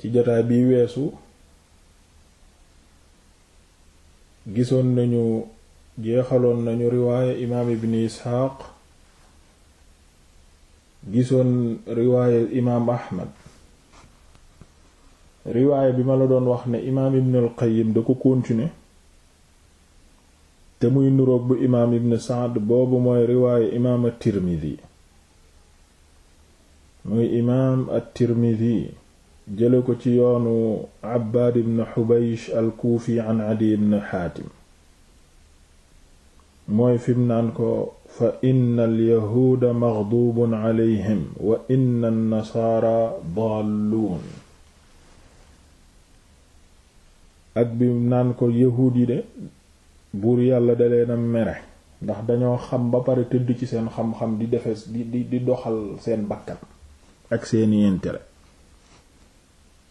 ci jotaay bi weesu gisoon nañu jeexaloon nañu riwaaya imaam ibn isxaaq gisoon riwaaya imaam ahmad riwaaya bi la doon wax ne imaam ibn al qayyim da ko continuer te muy nuroog bu imaam ibn saad boobu mooy riwaaya imaam at-tirmidhi muy imaam at-tirmidhi jële ko ci yoonu Abbaad ibn Xubaysh al an Adiy ibn Xaatim mooy fim naan ko fa inna alyahuuda maghdubun calayhim wa inna annasaara daalluun ak bim naan ko yahuud yi de buur yàlla da leena mere ndax dañoo xam ba pare tëdd ci seen xam-xam di defes di di doxal seen bakkan ak seeni intérêt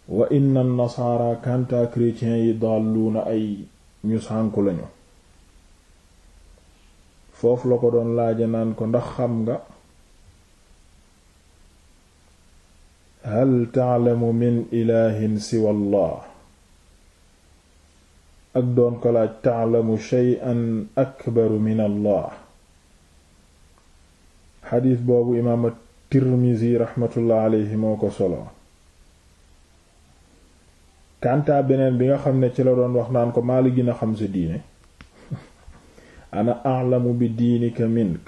wa inna nasaara kanta chrétien yi dalluuna ay ñu sànku lañu foofu la ko doon laaja naan ko ndax xam nga hal taalamu min ilaahin siwa allah ak doon ko laaj taalamu shay'an akbaru min allah xadiis boobu imaam at-Tirmizi raxmatullahi moo ko solo kanta beneen bi nga xam ne ci la doon wax naan ko maa la gën a xam sa diine ana a'lamu bi diinika mink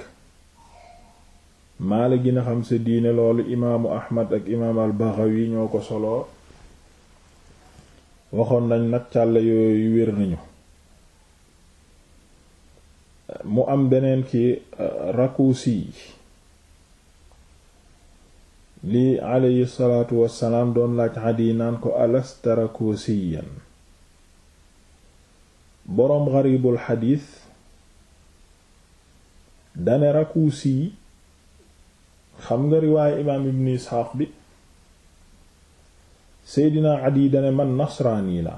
maa la gën a xam sa diine loolu imaamu ahmad ak imaam al-Baghawi ñoo ko solo waxoon nañ nag càll yooyu wér nañu mu am beneen ki rakusi li aleyhi salaatu wassalaam doon laaj Adiy naan ko alastarakuusiyan boroom gharibul xadiis dane rakuusi xam nga riwaaye imaam ibn isxaaq bi seydina Adiy dane man nasraani la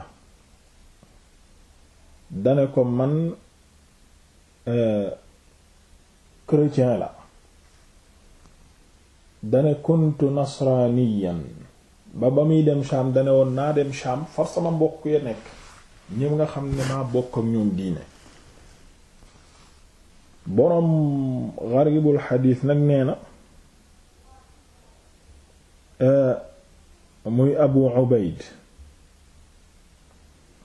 dane ko man euh, chrétien la dane kuntu nasraniyan ba ba muy dem Sham dane woon naa dem Sham far sama mbokk ya nekk ñëw nga xam ne maa bokk ak ñoom diine boroom garibul xadiis nag nee na eh, muy abu ubayd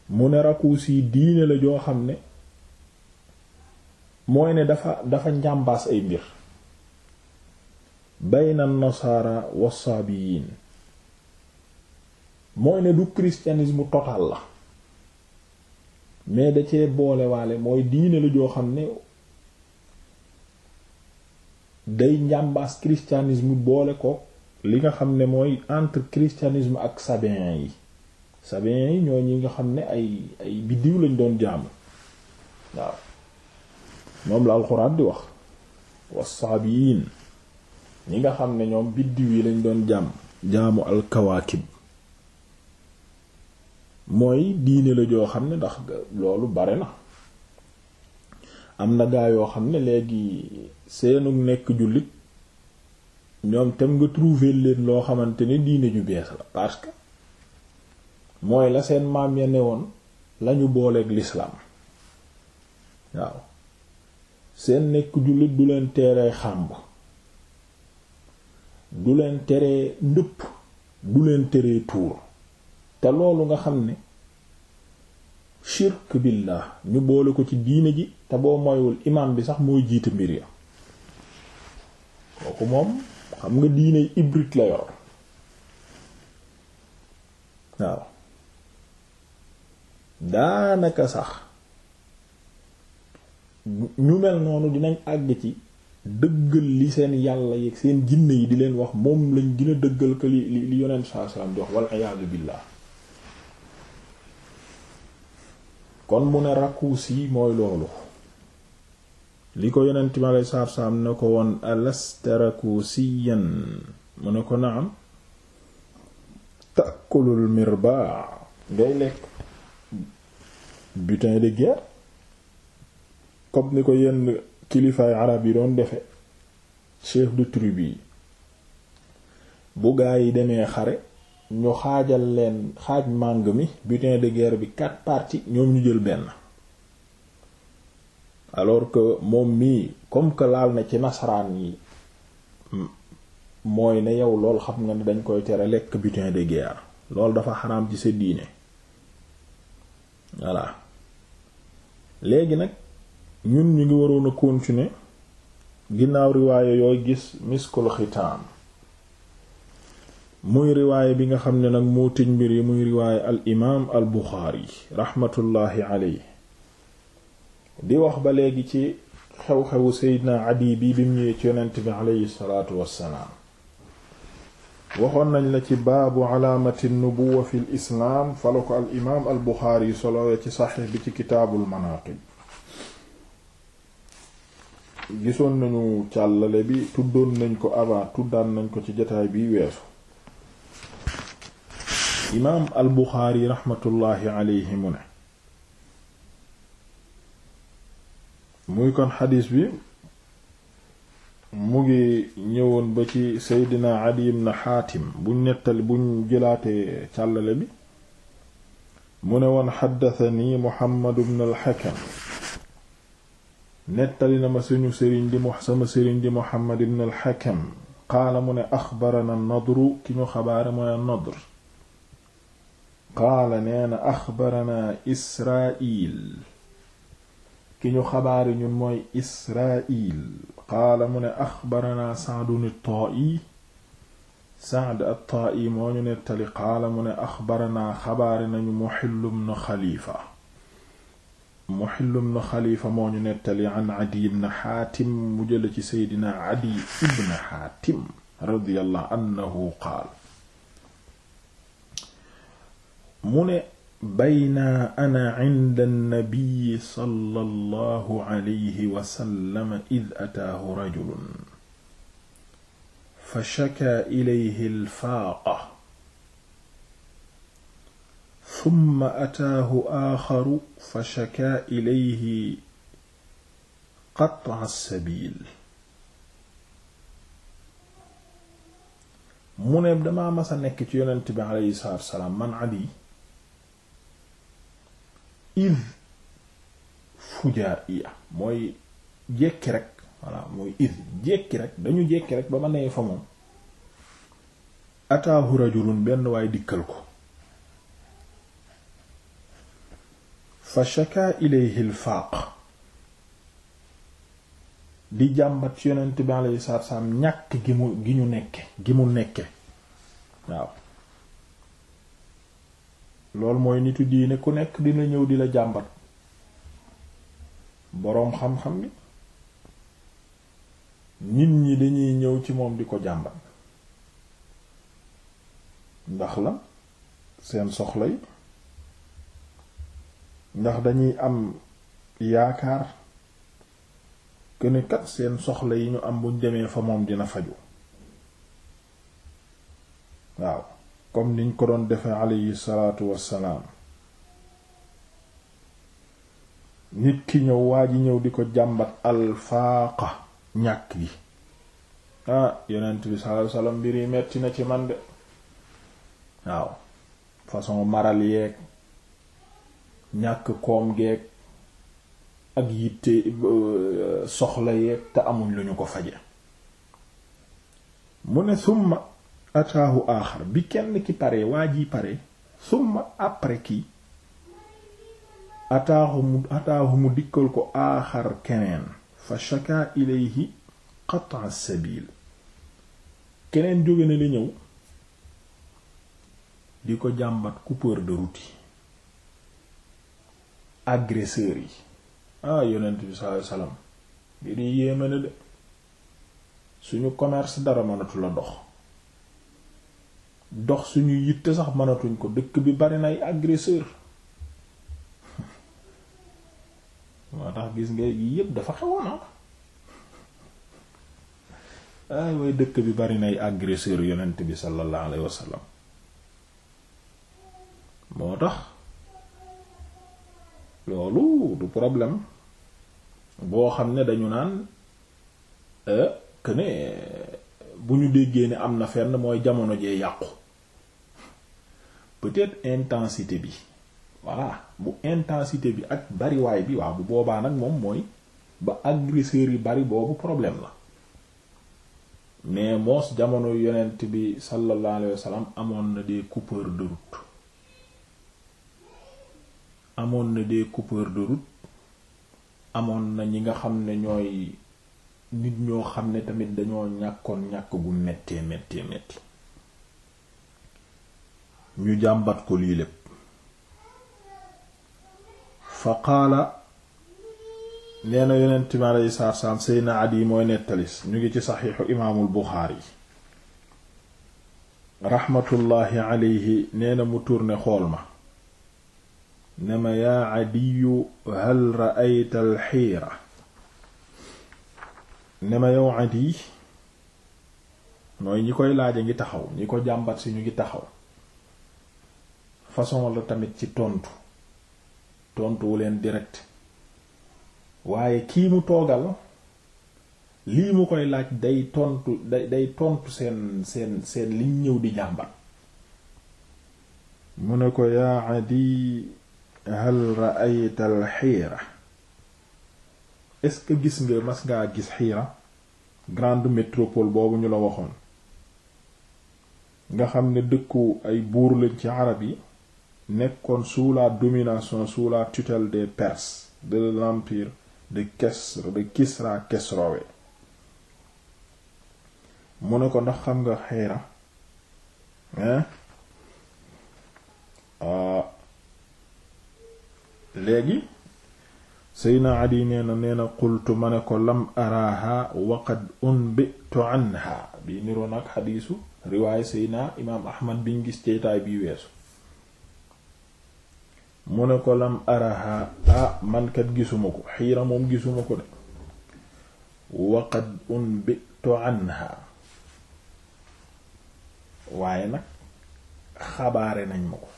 mu ne rakuusi diine la joo xam ne mooy ne dafa dafa njàmbaas ay mbir bayna nasaara wassaabiyiin mooy ne du christianisme total la mais da cee boolewaale mooy diine la joo xam ne day njàmbaas christianisme boole ko li nga xam ne mooy entre christianisme ak sabiin yi sabéen yi ñoo ñi nga xam ne ay ay biddiw lañ doon jàmm waaw moom la alxuraan di wax wassaabiyiin ñi nga xam ne ñoom biddiw yi lañ doon jàmm jaamu alkawaakib mooy diine la joo xam ne ndax loolu bare na am na gaa yoo xam ne léegi seenu nekk jullit ñoom tam nga trouver leen loo xamante ne diine ju bees la parce que mooy la seen maam ya ne woon lañu booleeg lislaam waaw seen nekk jullit du leen teeree xàmb du leen teree ndëpp du leen teree tuur te loolu nga xam ni shirk billah ñu boole ko ci diine ji te boo moywul imaam bi sax mooy jiite mbir ya kooku moom xam nga diine hybride la yor waaw daanaka sax ñu mel noonu dinañ àgg ci dëggal li seen yàlla yeeg seen jinne yi di leen wax moom lañ gën a dëggal que li li li yonent saa salaam di wax wal kon mu ne raccourci mooy loolu li ko yonent mi alei saatu salaam ne ko woon alasta raccourciyan mu ne ko naam takkulul mirba ngay lekk butin de guerre comme ni ko yenn kilifaay arab yi doon defe chef de tribu yi bu gaa yi demee xare ñu xaajal leen xaaj màng mi butin de guerre bi quatre parties ñoom ñu jël benn alors que moom mii comme que laal na ci nasaraan yi mooy ne yow lool xam nga ni dañ koy tere lekk butin de guerre loolu dafa xaram ci sa diine voilà léegi nag ñun ñu ngi waroon a continuer ginnaaw riwaaye yooy gis miskul xitaam muy riwaaye bi nga xam ne nag moo tëj mbir yi muy riwaaye al al buxaari raxmatullaahi aley di wax ba léegi ci xew-xewu seydina adi bi bi mu ñëwee ci yonent bi aleyhi salaatu wassalaam waxoon nañ la ci baabu alaamati nubuwa fi l islaam fala ko al imaam al buxaari ci saxiix bi ci kitaabul manaaqib gisoon nañu càllale bi tuddoon nañ ko avant nañ ko ci jataay bi weesu imaam al buxaari raxmatullaahi aleyhi mu ne muy kon xadiis bi mu ngi ñëwoon ba ci seydina adi ibn xaatim buñ nettali buñ jëlaatee càllale bi mu ne woon xaddatani muhammad ibn xakam nettali na ma suñu sëriñ di sama sëriñ di Muhammad ibn al qaala mu ne axbarana nadru ki ñu xabaare mooy nadr qaala nee na axbarana Israa'iil ki ñu xabaare ñun mooy Israa'iil qaala mu ne axbarana Sa'dun at-Taa'i Sa'd at-Taa'i moo ñu nettali qaala mu ne na xabaare nañu Muhill ibn Xalifa Muhill ibn Xalifa moo ñu nettali an Adiy ibn Xaatim mu jële ci seydina Adiy ibn Xaatim radiyallahu anhu qaal mu ne bayna ana inda nabiyi sallallahu alayhi wa sallam id ataahu rajulun fa shakaa ilayhi alfaaqa summa ataahu aaxaru fa shakaa ilayhi qat'a as-sabiil mu ne damaa mas a nekk ci yonent bi aleyhi salaatu wa salaam man Ali id fujaa'iya mooy jekki rek voilà mooy id jekki rek dañu jekki rek ba ma nee fa moom ataahu rajulun benn waaye dikkal ko fa shaka ilayhi al-faaq di jàmbat ci yonent bi alayhi salaatu salaam ñàkk gi mu gi ñu nekke gi mu nekke waaw loolu mooy nitu diine ku nekk dina ñëw di la jàmbat boroom xam-xam bi nit ñi dañuy ñëw ci moom di ko jàmbat ndax la seen soxla yi ndax dañuy am yaakaar këni kat seen soxla yi ñu am buñ demee fa moom dina faju waaw comme niñ ko doon defe alayhi salaatu wassalaam nit ki ñëw waa ji ñëw di ko jàmbat alfaaqa ñàkk gi ah yeneent bi sallallahu alayhi mbir yi metti na ci man de waaw façon maral yeeg ñàkk koom geeg ak yitte euh, soxla yeeg te amuñ lu ñu ko faje mu ne summa ataahu aaxar bi kenn ki pare waa ji pare summa après ki ataahu mu ataahu mu dikkal ko aaxar keneen fa shaka ilayhi qat'a sabil keneen jóge na li ñëw di ko jàmbat coupeur de route agresseurs yi ah yonent bi sallallahu alayhi wasallam ngir yéeme na de suñu commerce dara mënatu la dox dox suñu yitte sax mënatuñ ko dëkk bi bari nay agresseur moo tax gis nga yi yépp dafa xewoon ah. ay way dëkk bi bari nay agresseur yonent bi sallallahu alayhi wasallam moo tax loolu du problème boo xam ne dañu naan euh, que ne bu ñu déggee ne am na fenn mooy jamono jee yàqu peut-être intensité bi waa bu intensité bi ak bariwaay bi waaw bu boobaa nag moom mooy ba agresseurs yi bari boobu problème la mais moos jamono yonent bi sallallahu alayhi wa amoon na des coupeurs de amoon na des coupeurs de route amoon na ñi nga xam ne ñooy nit ñoo xam ne tamit dañoo ñàkkoon ñàkk gu méttee méttee métti ñu jàmbat ko lii lépp fa qaala nee na yonent mi aleyhi salaatu wa seyna Adi mooy nettalis ñu ngi ci saxiixu imaamul Buxaari raxmatullaahi aleyhi nee na mu turne xool ma ne ma yaa adiyu hal ra'ayta alxiira ne ma yow adiy mooy ñi koy laaj a ngi taxaw ñi ko jàmbat si ñu ngi taxaw façon la tamit ci tontu tontuwu leen direct waaye kii mu toogal lii mu koy laaj day tontu day tontu seen seen seen liñ ñëw di jàmbat mu ne ko yaa adiy hal ra'ayta xiira est-ce que gis nga mas ngaa gis xiira grande métropole boobu ñu la waxoon nga xam ni dëkku ay buur lañ ci arab yi nekkoon sous la domination suula la tutelle des Perses de l'empire de Kesr Kesrowe mu ne ko ndax xam nga xiira hein ah, léegi Seydina Adi nee na nee na qultu ma ne ko lam araha waqad unbitu anha bi niroo nag xadiisu riwaay Seydina imaam Ahmad biñ gis ceetaay bi weesu mu ne ko lam araha ah mankat gisuma ko xiira moom gisuma ko de waqad unbitu anha waaye nag xabaare nañ ma ko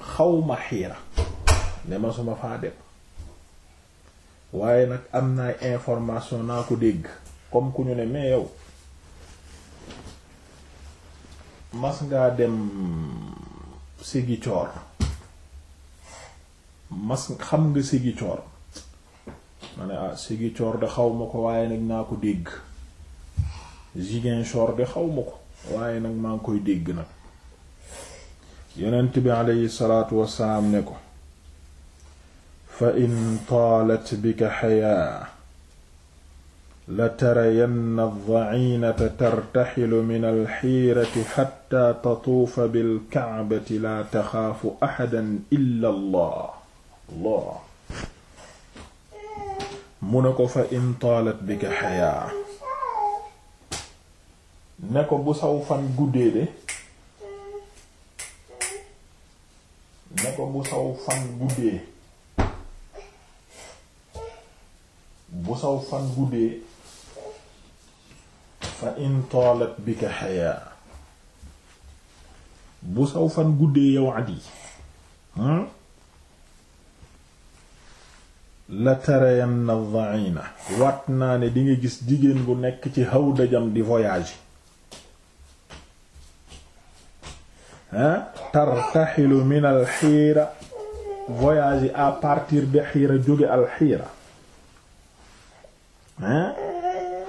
xawma xiira ne ma suma faa dem waaye nag am naa information naa ko dégg comme ku ñu ne mais yow mas ngaa dem Sigicoor mas xam nga Sigicoor ma ne ah Sigicoor de xaw ma ko waaye nag naa ko dégg Ziguinchor de xaw ma ko waaye nag maa ngi koy dégg nag yonent bi aleyhi salaatu wassalaam ne ko fa in taalat bika xayaa la tarayanna addacinata tartaxilu min alxiirati xatta tatuufa bilkacbati laa taxaafu axadan illa allah allah mu ne ko fa in taalat bika xayaa ne ko bu saw fan guddee de ne ko bu saw fan guddee bu fa in toolat bi ka xayaa bu saw fan guddee yow at yi hmm, la tarayanna dhaina wat naa ne dinga gis jigéen bu nekk ci hawdajam di voyage tartaxilu min alxiira voyage yi à partir de xiira jóge alxiira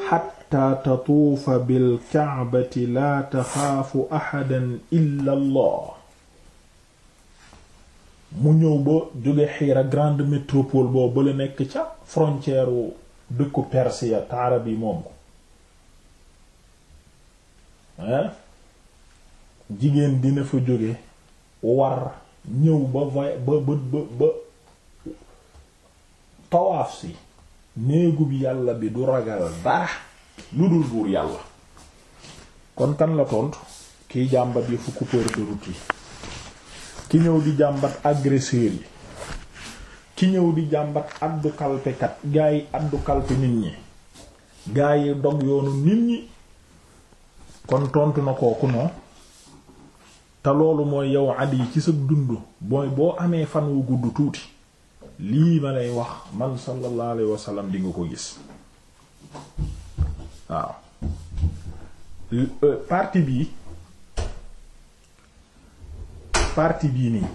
xatta tatuufa bilkaabati laa taxaafu axadan illa allah mu ñëw ba jóge xiira grande métropole boobu bala nekk ca frontière wu dëkku persia taarab yi moom ko jigéen dina fa jóge war ñëw ba ba ba ba tawaaf si néegub yàlla bi du ragal dara lu dul buur yàlla kon kan la tontu kiy jàmbat yi fu coupeur de yi ki ñëw di jàmbat agresseur yi ki ñëw di jàmbat addu kalpe kat gaa yi addu kalpe nit ñi gaa yi dog yoonu nit ñi kon tontu na kooku noo te loolu mooy yow at yi ci sa dund booy boo amee fan wu gudd tuuti lii ma lay wax man sallallahu alayhi wa sallam di nga ko gis waaw euh, partie bii partie bii nii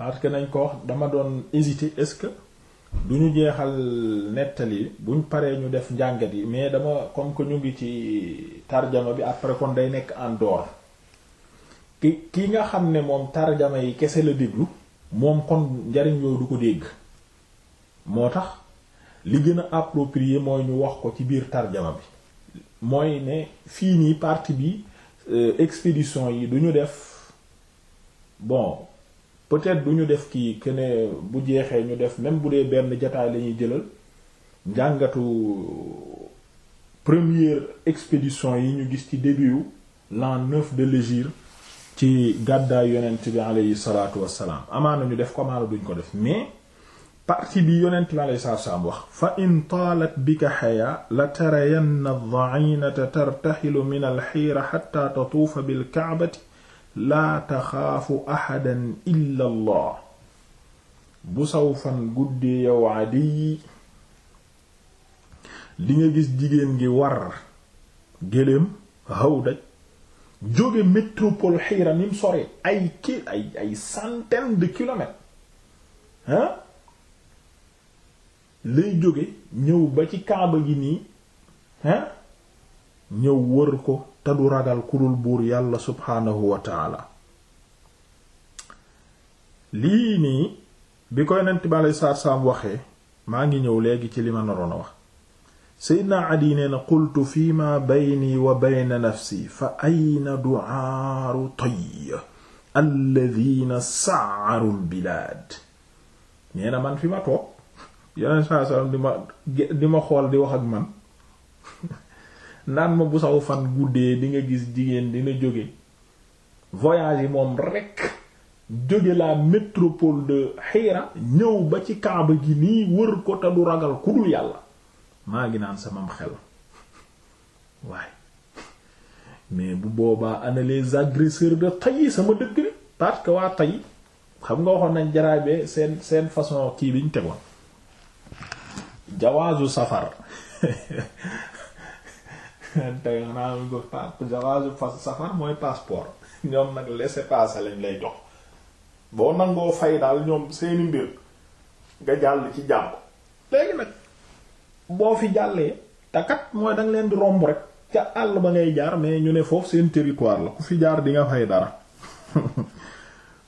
parce que nañ ko wax dama doon hésiter est-ce que du ñu jeexal nettali buñ paree ñu def njàngat yi mais dama comme que ñu ngi ci tarjama bi après kon day nekk en dehors ki ki nga xam ne moom tarjama yi kese la déglu moom kon njariñ yooyu du ko dégg moo tax li gën a approprié mooy ñu wax ko ci biir tarjama bi mooy ne fii nii partie bi euh, expédition yi duñu def bon peut-être du ñu def kii que bu jeexee ñu def même bu dee benn jataay lañuy ñuy jëlal njàngatu première expédition yi ñu gis ci début l'an neuf de l'hégire ci gàddaay yonent bi aleyhi salaatu amaana ñu def ko amaana duñ ko def mais partie bi yonent bi aleyhi salaatu wax fa in taalat bika xayaa la tarayanna ad-da'inata tartaxilu min al-xiira xatta tatuufa bil ka'bati laa taxaafu ahadan illa allah bu saw fan guddi yow Adiy di nga gis jigéen gi war géléem Hawdaj jóge métropole Hira nim sore ay ki ay ay centaine de hein lay jóge ñëw ba ci Kaaba gi nii hein ñëw wër ko te du ragal kudul buur yàlla subhaanahu wa lii nii bi koy nent bi alei saatu waxee maa ngi ñëw léegi ci li ma naroon a wax seydna adi nee na qultu fi ma bayni wa bayna nafsi fa ayna du'aaru toy alladina sa'aru lbilaad nee na di ma di ma xool di wax ak man naan ma bu saw fan guddee di nga gis jigéen dina jóge voyage yi moom rekk jóge la métropole de Hira ñëw ba ci Kaaba gi nii wër ko te du ragal ku dul yàlla maa ngi naan samam xel waaye mais bu boobaa ana les agresseurs sama dëkk parce que waa Tay xam nga waxoon nañ jaraabe seen seen façon kii biñ tegoon jawaazu safar tey a ñu ko jawazu fas safar mooy passeport ñoom nag laissez-passer lañ lay jox boo nangoo fay daal ñoom seeni mbir nga jàll ci jàmm léegi nag boo fi jàllee takat mooy danga leen di romb rek ca àll ba ngay jaar mais ñu ne foofu seen territoire la ku fi jaar di nga fay dara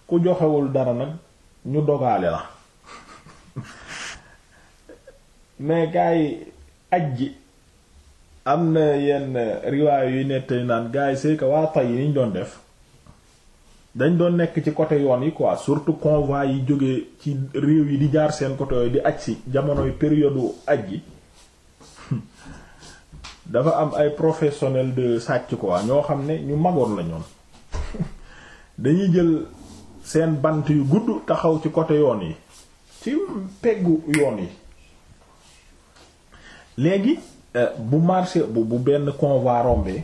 ku joxewul dara nag ñu dogaale la mais gars yi am na yenn riwaay yu naan gars yi c'est que waa tay yi ñu doon def dañ doon nekk ci côté yoon yi quoi surtout convoi yi jóge ci réew yi di jaar seen côté yooyu di aj si jamonoy période wu aj yi dafa am ay professionnel de sàcc quoi ñoo xam ne ñu magoon la dañuy jël seen bant yu gudd taxaw ci côté yoon yi ci peggu yoon yi léegi Euh, bu marché bu bu benn convoi rombee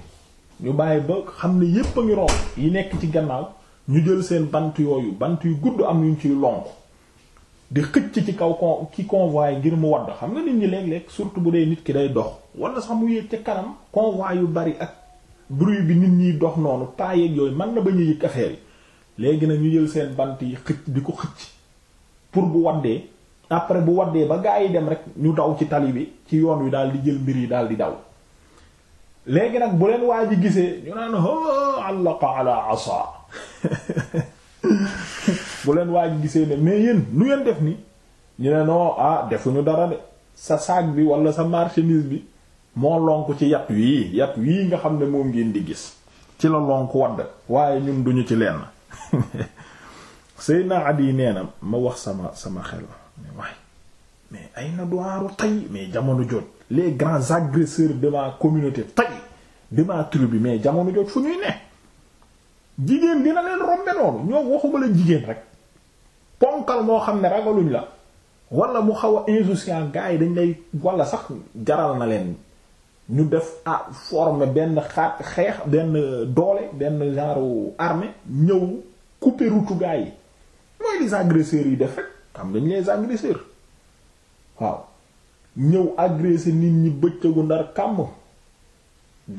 ñu bàyyi ba xam ne yépp a ngi romb yi nekk ci gannaaw ñu jël seen bant yooyu bant yu gudd am ñu ci lonk di xëcc ci kaw con ci convoi ngir mu wadd xam nga nit ñi léeg lekk surtout bu dee nit ki day dox wala sax mu yéeg ca kanam convoi yu bari ak bruit bi nit ñiy dox noonu paayeeg yooyu man na ba ñu yëg affaire yi léegi nag ñu jël seen bant yi xëcc di ko xëcc pour bu waddee après bu waddee ba gaa yi dem rek ñu daw ci tali bi ci yoon wi daal di jël mbir yi daal di daw léegi nag bu leen waa ji gisee ñu naan ho ko ala asa bu leen waa ji gisee ne mais yéen lu ngeen def ni ñu ne non ah defuñu dara de sa saak bi wala sa marchandise bi moo lonk ci yat wii yat wii nga xam ne moom ngeen di gis ci la lonk wadd waaye ñun duñu ci lenn Seydina Adi nee na ma wax sama sama xel mais ay na duwaaru tay mais jamono jot les grands agresseurs de ma communauté tay de ma tribu mais jamono jot fu ñuy ne jigéen dina leen rombe noonu ñoom waxuma la jigéen rek ponkal moo xam ne ragaluñ la wala mu xaw a insouciant gars yi dañ lay wala sax jaral na leen ñu def ah forme benn xaat xeex benn doole benn genre armée ñëw couper route gars yi mooy les agresseurs yi def rek xam dañ les agresseurs waaw ñëw agressé nit ñi bëccëgu ndar kàmm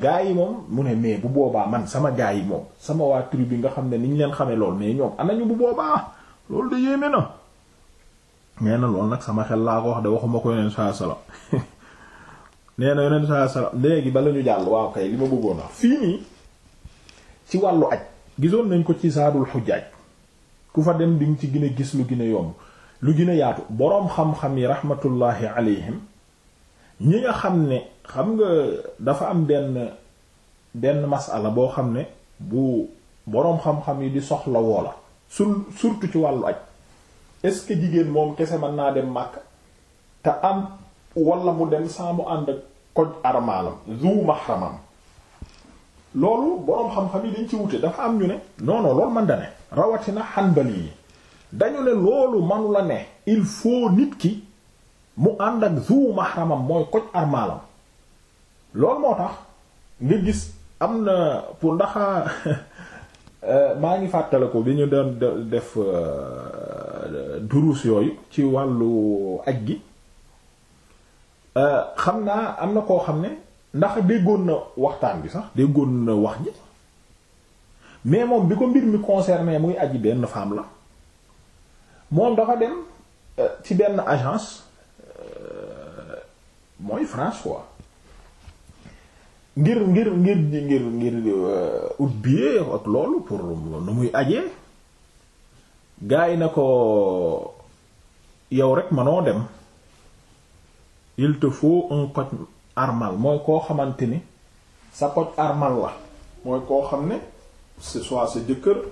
gaa yi moom mu ne mais bu boobaa man sama gaa yi moom sama waa tribu bi nga xam ne ni ñu leen xamee lool mais ñoom anañu bu boobaa loolu de yéeme na nee na loolu nag sama xel laa ko wax de waxuma ko yeneen saa salaam nee na yeneen saa salaam léegi bala ñu jàll waaw kay li ma bëggoon a fii nii ci wàllu aj gisoon nañ ko ci saadul xujjaaj ku fa dem di nga ci gën a gis lu gën yomb lu gën a yaatu boroom xam-xam yi rahmatullahi alayhim ñi nga xam ne xam nga dafa am benn benn masala boo xam ne bu boroom xam-xam yi di soxla woola sur surtout ci wàllu aj est-ce que jigéen moom kese mën naa dem màkk te am wala mu dem saa mu ànd ak koj armaalam zu mahramam loolu boroom xam-xam yi dañ ci wute dafa am ñu ne non loolu man da ne rawatina xanbali yi dañu ne loolu manu la ne il faut nit ki mu ànd ak zu mahramam mooy koj armaalam loolu moo tax nga gis am na pour ndax euh, maa ngi fàttale ko bi ñu doon def euh, duruus yooyu ci wàllu aj gi euh, xam naa am na koo xam ne ndax déggoon na waxtaan bi sax déggoon na wax ji mais moom bi ko mbir mi concerné muy aji benn femme la moom dafa dem euh, ci benn agence euh, mooy France ngir ngir ngir ngir ngir ngir euh, ut billet ak loolu pour nu muy ajee gaa yi na ko yow rek manoo dem il te faut un coach armal mooy koo xamante ni sa coach armal la mooy koo xam ne c'est soit sa jëkkër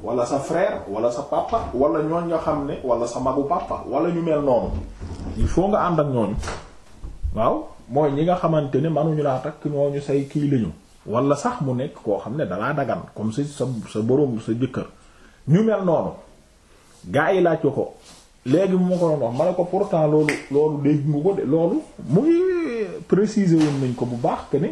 wala sa frère wala sa papa wala ñooñ nga xam ne wala sa magu pàppa wala ñu mel noonu il faut nga ànd ak ñooñu waaw mooy ñi nga xamante ne mënuñu laa takk ñooñu say kii lañu wala sax mu nekk koo xam ne dalaa dagan comme sa sa sa boroom sa jëkkër ñu mel noonu gaa yi laaj ko ko léegi mu ma ko doon wax ma ne ko pourtant loolu loolu dégg nga ko de loolu muy préciser woon nañ ko bu baax que ne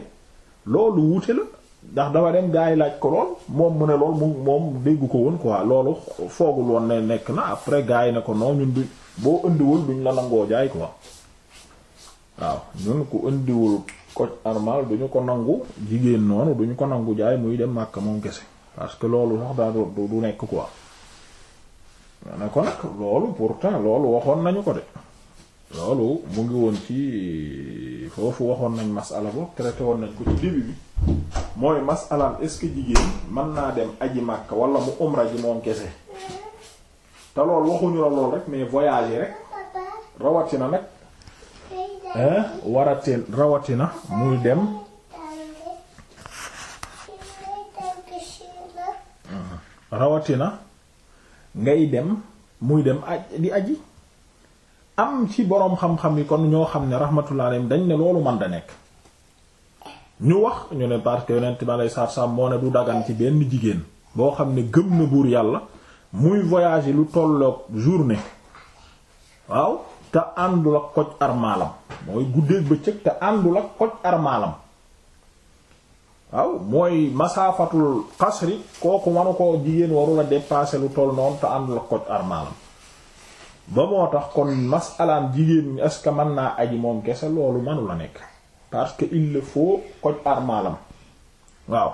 loolu wuute la. ndax dafa dem gaa yi laaj ko lool moom mu ne lool mu moom dégg ko woon quoi loolu foogul woon ne nekk na après gaa yi ne ko non ñun duñ boo indiwul duñ la nangoo jaay quoi waaw ñun ku indiwul ko normal duñu ko nangu jigéen noonu duñu ko nangu jaay muy dem màkk moom kese parce que loolu sax daa du nekk quoi. ma ne ko nag loolu pourtant loolu waxoon nañu ko de. loolu mu ngi woon ci foofu waxoon nañ masala bo traité woon nañ ko ci début bi mooy masalaam est-ce jigéen mën naa dem aji Makka wala mu umra ji moom kese te loolu waxuñu la lool rek mais voyage rek rawatina nag waratin rawatina muy dem rawatina ngay dem muy dem aj di aji am ci boroom xam-xam yi kon ñoo xam ne rahmatullah dañ ne loolu man nekk ñu wax ñu ne parce que yonent bi alayhi salaatu salaam moo ne du dagan ci benn jigéen boo xam ne gëm na buur yàlla muy voyager lu tolloog journée waaw te àndul ak koj armaalam mooy guddeeg bëccëg te àndul ak koj armaalam waaw mooy masaafatul xasri kooku manu ko jigéen warula dépasser lu toll noonu te àndul ak koj armaalam ba moo tax kon masalaam jigéen ñi est-ce que mën naa aji moom kese loolu mënu la nekk parce que il le faut koj waaw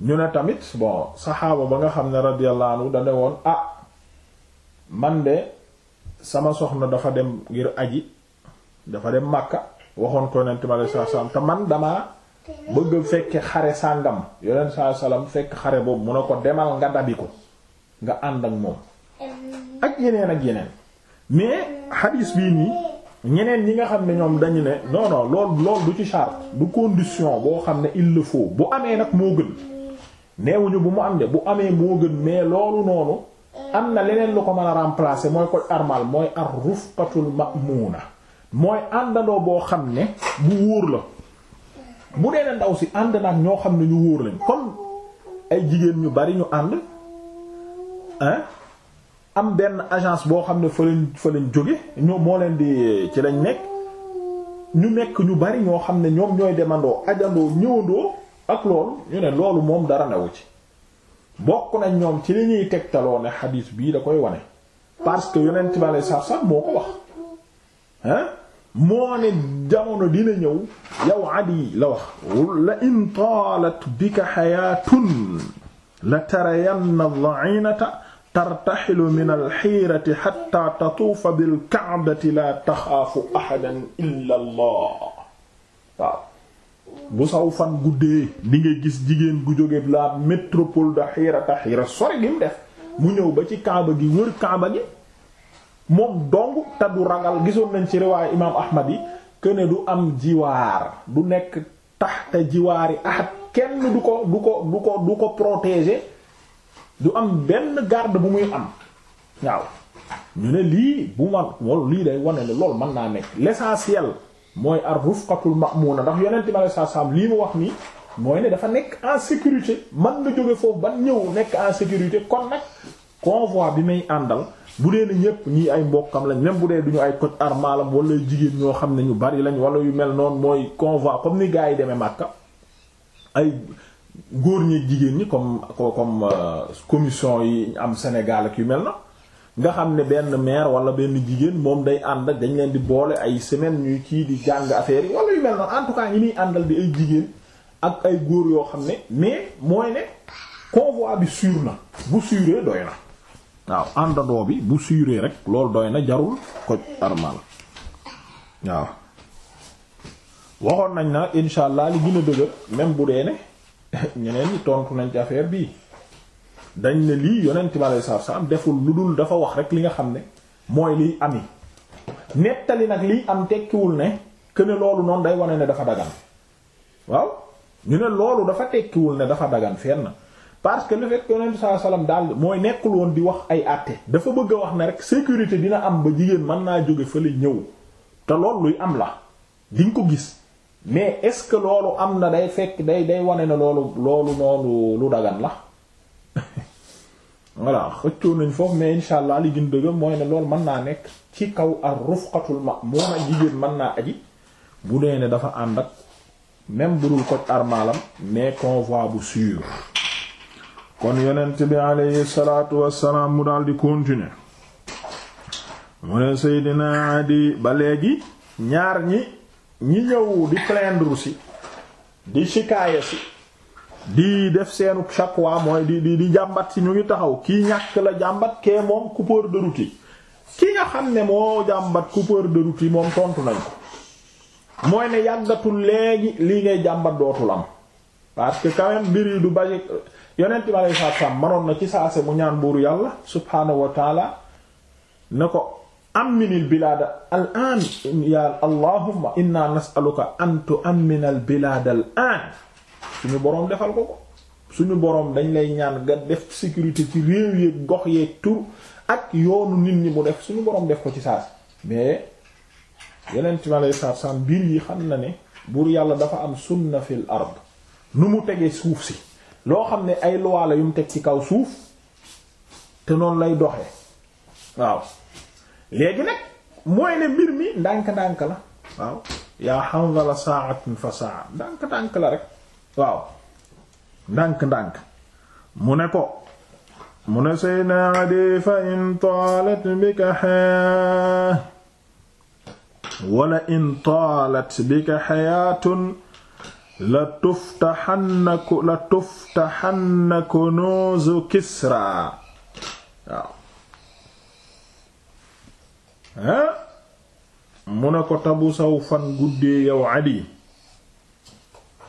ñu ne tamit bon saxaaba ba nga xam ne radiyallahu anhu woon ah man de sama soxna dafa dem ngir aji dafa dem Makka waxoon ko yonent mi alayhi te man damaa bëgg fekke xare sàngam yonent sallallahu fekk xare boobu mu ne ko demal nga dabi ko nga ànd ak moom ak yeneen ak yeneen mais hadis bii nii ñeneen ñi nga xam ne ñoom dañu ne non lool lool du ci charte du condition boo xam ne il la faut bu amee nag moo gën neewuñu bu mu am bu amee moo gën mais loolu noonu am na leneen lu ko mën a remplacer mooy ko armal mooy ar rufqatul ma'muna mooy àndandoo boo xam ne bu wóor la bu dee na ndaw si ànd naag ñoo xam ne ñu wóor lañ comme ay jigéen ñu bari ñu ànd ah am benn agence boo xam ne fa lañ fa lañ jóge ñoom moo leen di ci lañ nekk ñu nekk ñu bari ñoo xam ne ñoom ñooy demandoo ajandoo ñëwandoo ak loolu ñu ne loolu moom dara newu ci bokk nañ ñoom ci lañuy ñuy tegtaloo ne xadiis bii da koy wane parce que yonent bi alei satu moo ko wax ah moo ne jamono dina ñëw yow adi la wax la in taalat bika xayaatun la tarayanna dhainata tartaxilu min alxiirati xatta tatuufa bilkaabati laa taxaafu ahadan illa allah bu saw fan guddee di gis jigéen gu jóge la métropole de xiirata xiira sori gi mu def mu ñëw ba ci kaaba gi wër kaaba gi moom dong te du ragal gisoon nañ ci riwaayu imaam ahmad yi këne du am jiwaar du nekk taxta jiwaari ahad kenn du ko du ko du ko du du am benn garde bu muy am waaw ñu ne lii bu man loolu lii day wane ne loolu mën naa nekk l'essentiel mooy ar rufqatul ma'muna ndax yonent bi sallallahu alayhi wasallam lii mu wax nii mooy ne dafa nekk en sécurité man na jóge foofu ban ñëw nekk en sécurité kon nag convoi bi may àndal bu dee ne ñépp ñii ay mbokkam lañ même bu dee duñu ay code armalam wala jigéen ñoo xam ne ñu bari lañ wala yu mel noonu mooy convoi comme ni gars yi demee Makka ay góor ñi jigéen ñi comme comme euh, commission yi am Sénégal ak yu mel na nga xam ne benn maire wala benn jigéen moom day ànd dañ leen di boole ay semaine ñuy kii di jàng affaire yi yu mel na en tout cas ñi àndal di ay jigéen ak ay góor yoo xam ne mais mooy ne convoi bi na bu suuree doy na waaw bi bu suuree rek loolu doy na jarul ko armal waaw waxoon nañ na insha allah li gën a dëgër même bu dee ne ñeneen ñi tontu nañ ci bii dañ ne lii yonent bi aleyhi salaatu salaam deful lu dul dafa wax rek li nga xam ne mooy liy ami nettali nag liy am tekkiwul ne que ne loolu noon day wane ne dafa dagan waaw ñu ne loolu dafa tekkiwul ne dafa dagan fenn parce que ne fait que yonent bi sallallahu alayhi daal mooy nekkul woon di wax ay àtte dafa bëgg a wax ne rek sécurité dina am ba jigéen mën naa jóge fële ñëw te loolu luy am la di nga ko gis. mais est-ce que loolu am na day fekk day day wane ne loolu loolu noonu lu dagan la voilà xëccoo nañ foofu mais insha allah li gën dëgg mooy ne loolu mën naa nekk ci kaw ar rufqatul ma moom ak jigéen mën naa aji bu dee dafa ànd ak même budul ko armalam mais convoi bu sûr kon yonent bi aleyhi salaatu wassalaam mu daal di continuer mu ne Seydina Adi ba léegi ñaar ñi ñi ñëw di plaindre si di shikaaya si di def seenu shakwa mooy di di di jàmbat si ñu ngi taxaw kii ñàkk la jàmbat kee moom coupeur de route yi ki nga xam ne moo jàmbat coupeur de route yi moom tontu nañ ko mooy ne yàggatul léegi lii ngay jàmbat dootul am parce que quand mbir yi du baje yonent bi alei saatu salaam manoon na ci saase mu ñaan buuru yàlla subhaanahu wa taala ko ammin al bilaad al aan ya allahumma inna nas'aluka an tu'ammina al bilaad al aan suñu boroom defal ko ko suñu boroom dañ lay ñaan nga def sécurité ci réew yeeg gox yeeg tur ak yoonu nit ñi mu def suñu boroom def ko ci saas mais yeneen ci ma lay saar yi xam na ne buur yàlla dafa am sunna fil ard nu mu tegee suuf si loo xam ne ay loi la yu mu teg ci kaw suuf te noonu lay doxee waaw léegi nag mooy ne mbir mi ndànk la waaw yaa Hanzala sa'atun fa sa'a ndànk-ndànk la rek waaw ndànk-ndànk mu ne ko mu ne Seydina Adi fa in taalat bika hayaa wala in taalat bika hayaatun la tuftahanna la tuftahanna mu ne ko tabu saw fan guddee yow adi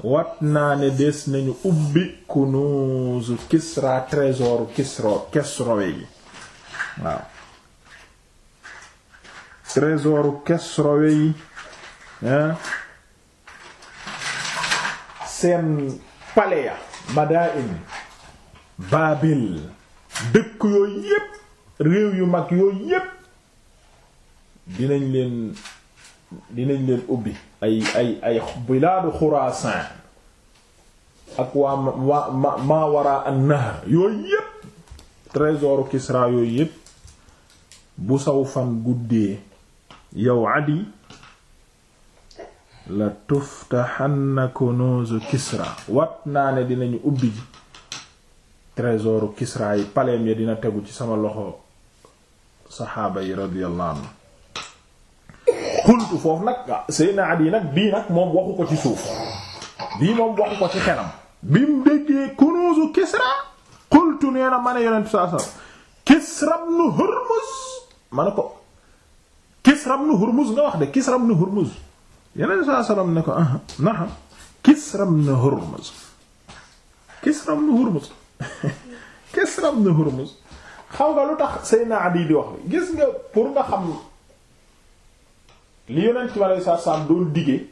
wat naa ne des nañu ubbi kunuuzu kisra trésoru kisro kesrowe yi waaw trésoru kesrowe yi seen palais ya Madain Babil dëkk yooyu yépp réew yu mag yooyu yépp dinañ leen dinañ leen ubbi ay ay ay bilaadu xuraasaan ak waa ma ma ma wara an nahar yooyu yépp trésoru Kisra yooyu yépp bu saw fan guddee yow adi la tuftaxanna kunuuzu Kisra wat naa ne dinañu ubbi ji trésoru Kisra yi paleem ya dina tegu ci sama loxo saxaaba yi radiyallahu anhu xultu foofu nag ah, Seydina Adi nag bii nag moom waxu ko ci suuf bii moom waxu ko ci xenam bi mu déggee kunuuzu Kisra xultu nee na ma ne yonent saa saa Kisra ibn Hurmuz ma ne ko Kisra ibn Hurmuz nga wax de Kisra ibn Hurmuz yonent saa saa ne ko ah naam Kisra ibn Hurmuz Kisra ibn Hurmuz Kisra ibn Hurmuz xam nga lu tax Seydina Adi di wax gis nga pour nga xam. li yonent bi alayhi salaatu salaam doon diggee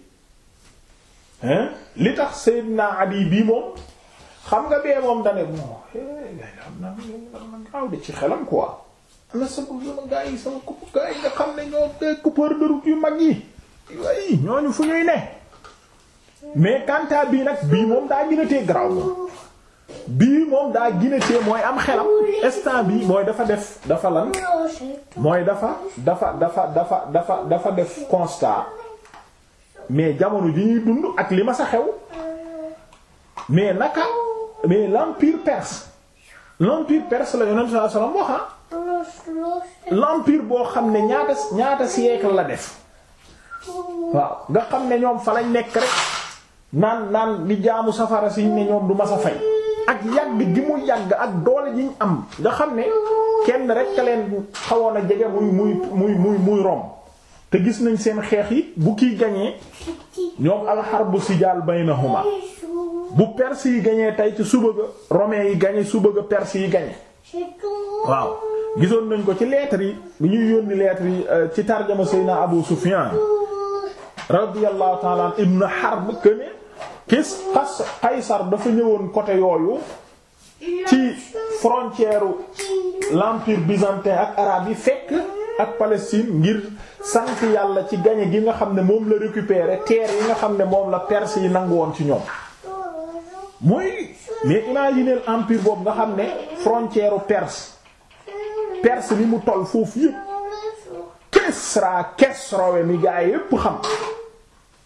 li tax Seydina Adi bii moom xam nga bee moom dane bon eh, gaaw de ci xelam quoi ana sama sama gaa yi sama coup gaa yi nga xam ne ñoo te coupeur de yu mag yi waaye ñooñu fu ñuy ne mais kanta bii nag bii moom daa gën a moom bii moom daa ginatee mooy am xelam instant bi mooy dafa def dafa lan mooy dafa dafa dafa dafa dafa dafa def constat mais jamono ji ñuy dund ak li ma sa xew mais naka mais l'empire perse l'empire perse la yonent sallallahu alayhi wasallam wax ah. l'empire boo xam ne ñaata ñaata siècle la def waaw nga xam ne ñoom fa lañ nekk rek naan naan di jaamu safara si ne ñoom du ma sa fay ak yàgg di mu yàgg ak doole ji ñu am nga xam ne kenn rek ka leen xawoon a jege muy muy muy muy muy rom te gis nañ seen xeex yi bu kiy gañee ñoom alxarbu sijaal baynahuma bu perse yi gañee tey ci suba ga romain yi gañe suba ga perse yi gañe waaw gisoon nañ ko ci lettres yi bi ñuy yónni lettres yi euh, ci tarjama seyna Abu Sufyan radiyallahu ta'ala ibn Harb këne kis xas Qaysar dafa ñëwoon côté yooyu ci frontière l'empire byzantin ak arabe yi fekk ak Palestine ngir sant yàlla ci gañe gi nga xam ne moom la récupérer terre yi nga xam ne moom la Perse yi nangu woon ci ñoom mooy mais imaginez empire boobu nga xam ne frontière Perse Perse ni mu toll foofu yëpp Kisra Kisrawe mi gaa yëpp xam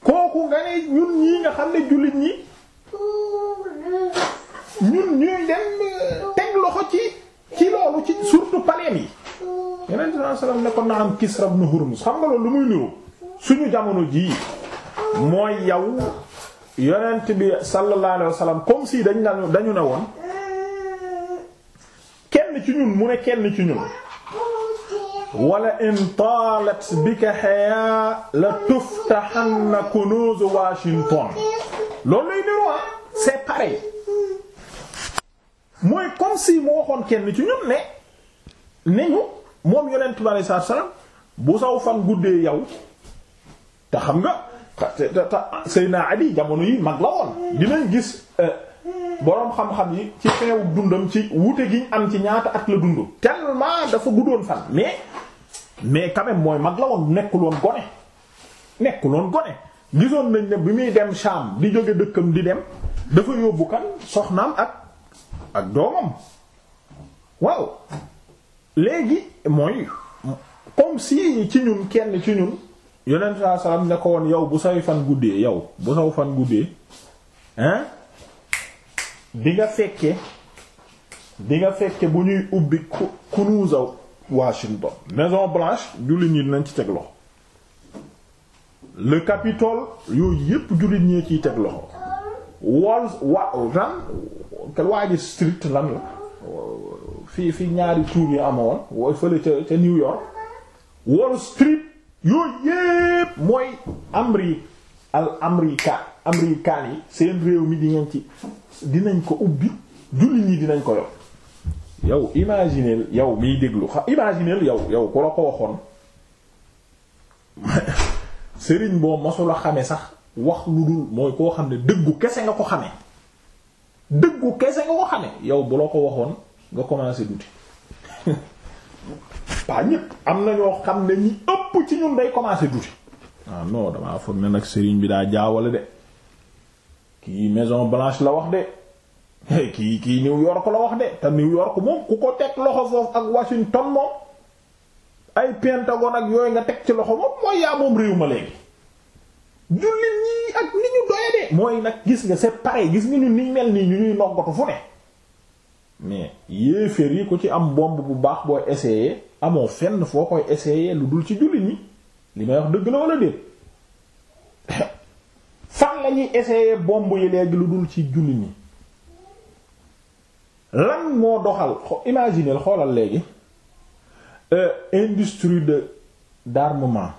kooku nga ne ñun ñii nga xam ne jullit ñi ñun ñuy dem teg loxo ci ci loolu ci surtout paleem yi yeneen sallallahu alayhi ne ko na am Kisra ibn Hurmuz xam nga loolu lu muy niru suñu jamono jii mooy yow yonent bi sallallahu alayhi wasallam comme si dañ dañu ne woon kenn ci ñun mu ne kenn ci ñun wala in taalat bika hayaa la tuftahanna kunuz Washington loolu lay niroo ah. c'est pareil mooy comme si mu waxoon kenn ci ñun ne ne moom yonent bi alayhi salaatu salaam bu saw fan guddee yow te xam nga Seydina Ali jamono yi mag la woon dinañ gis euh, boroom xam-xam yi ci xeew dundam ci wuute gi ñu am ci ñaata ak la dund tellement dafa guddoon fan mais mais quand mooy mag la woon nekkul woon gone nekkul woon gone gisoon nañ ne bi muy dem Sham di jóge dëkkam di dem dafa yóbbu kan soxnaam ak ak doomam waaw léegi mooy comme si ci ñun kenn ci ñun yonent saa salaam ne ko woon yow bu say fan guddee yow bu saw fan guddee hein di nga fekke bi nga fekke bu ñuy ubbi kunuusaw Washington Maison Blanche jullit ñi dinañ ci teg loxo le Capitole yooyu yépp jullit ñee ci teg loxo Wall wa lan kel waa ji street lan la fii fii ñaari tour yi amoon wooy fële ca ca New York Wall Street yooyu yépp mooy amri al amrika amrikaan yi seen réew mi di ngeen ci dinañ ko ubbi jullit ñi dinañ ko yor yow imagineel yow miy déglu xa imagineel yow yow ku la ko waxoon sëriñ boo masula xame sax wax lu dul mooy koo xam ne dëggu kese nga ko xame dëggu kese nga ko xame yow bu la ko waxoon nga commencé douter pas ñëpp am na ñoo xam ne ñi ëpp ci ñun day commencé duti ah non damaa foog ne nag sëriñ bi daa jaawale de kii Maison Blanche la wax de Eh, kii kii New York la wax de te New York moom ku ko teg loxo foofu ak Washington moom ay Pentagone ak yooyu nga teg ci loxo moom mooy yaa moom réew ma léegi jullit ñi ak ni ñu doyadee mooy nag gis nga c'est gis nga ñu ni mel nii ñu ñuy noggatu fu ne mais yéeféer yi ku ci am bomb bu baax boo essayer amoo fenn foo koy essayer lu dul ci jullit ñi li may wax dëgg la wala déet fan lañuy essayer bomb yi léegi lu dul ci jullit ñi lan moo doxal imagineel xoolal léegi euh, industrie de d'armement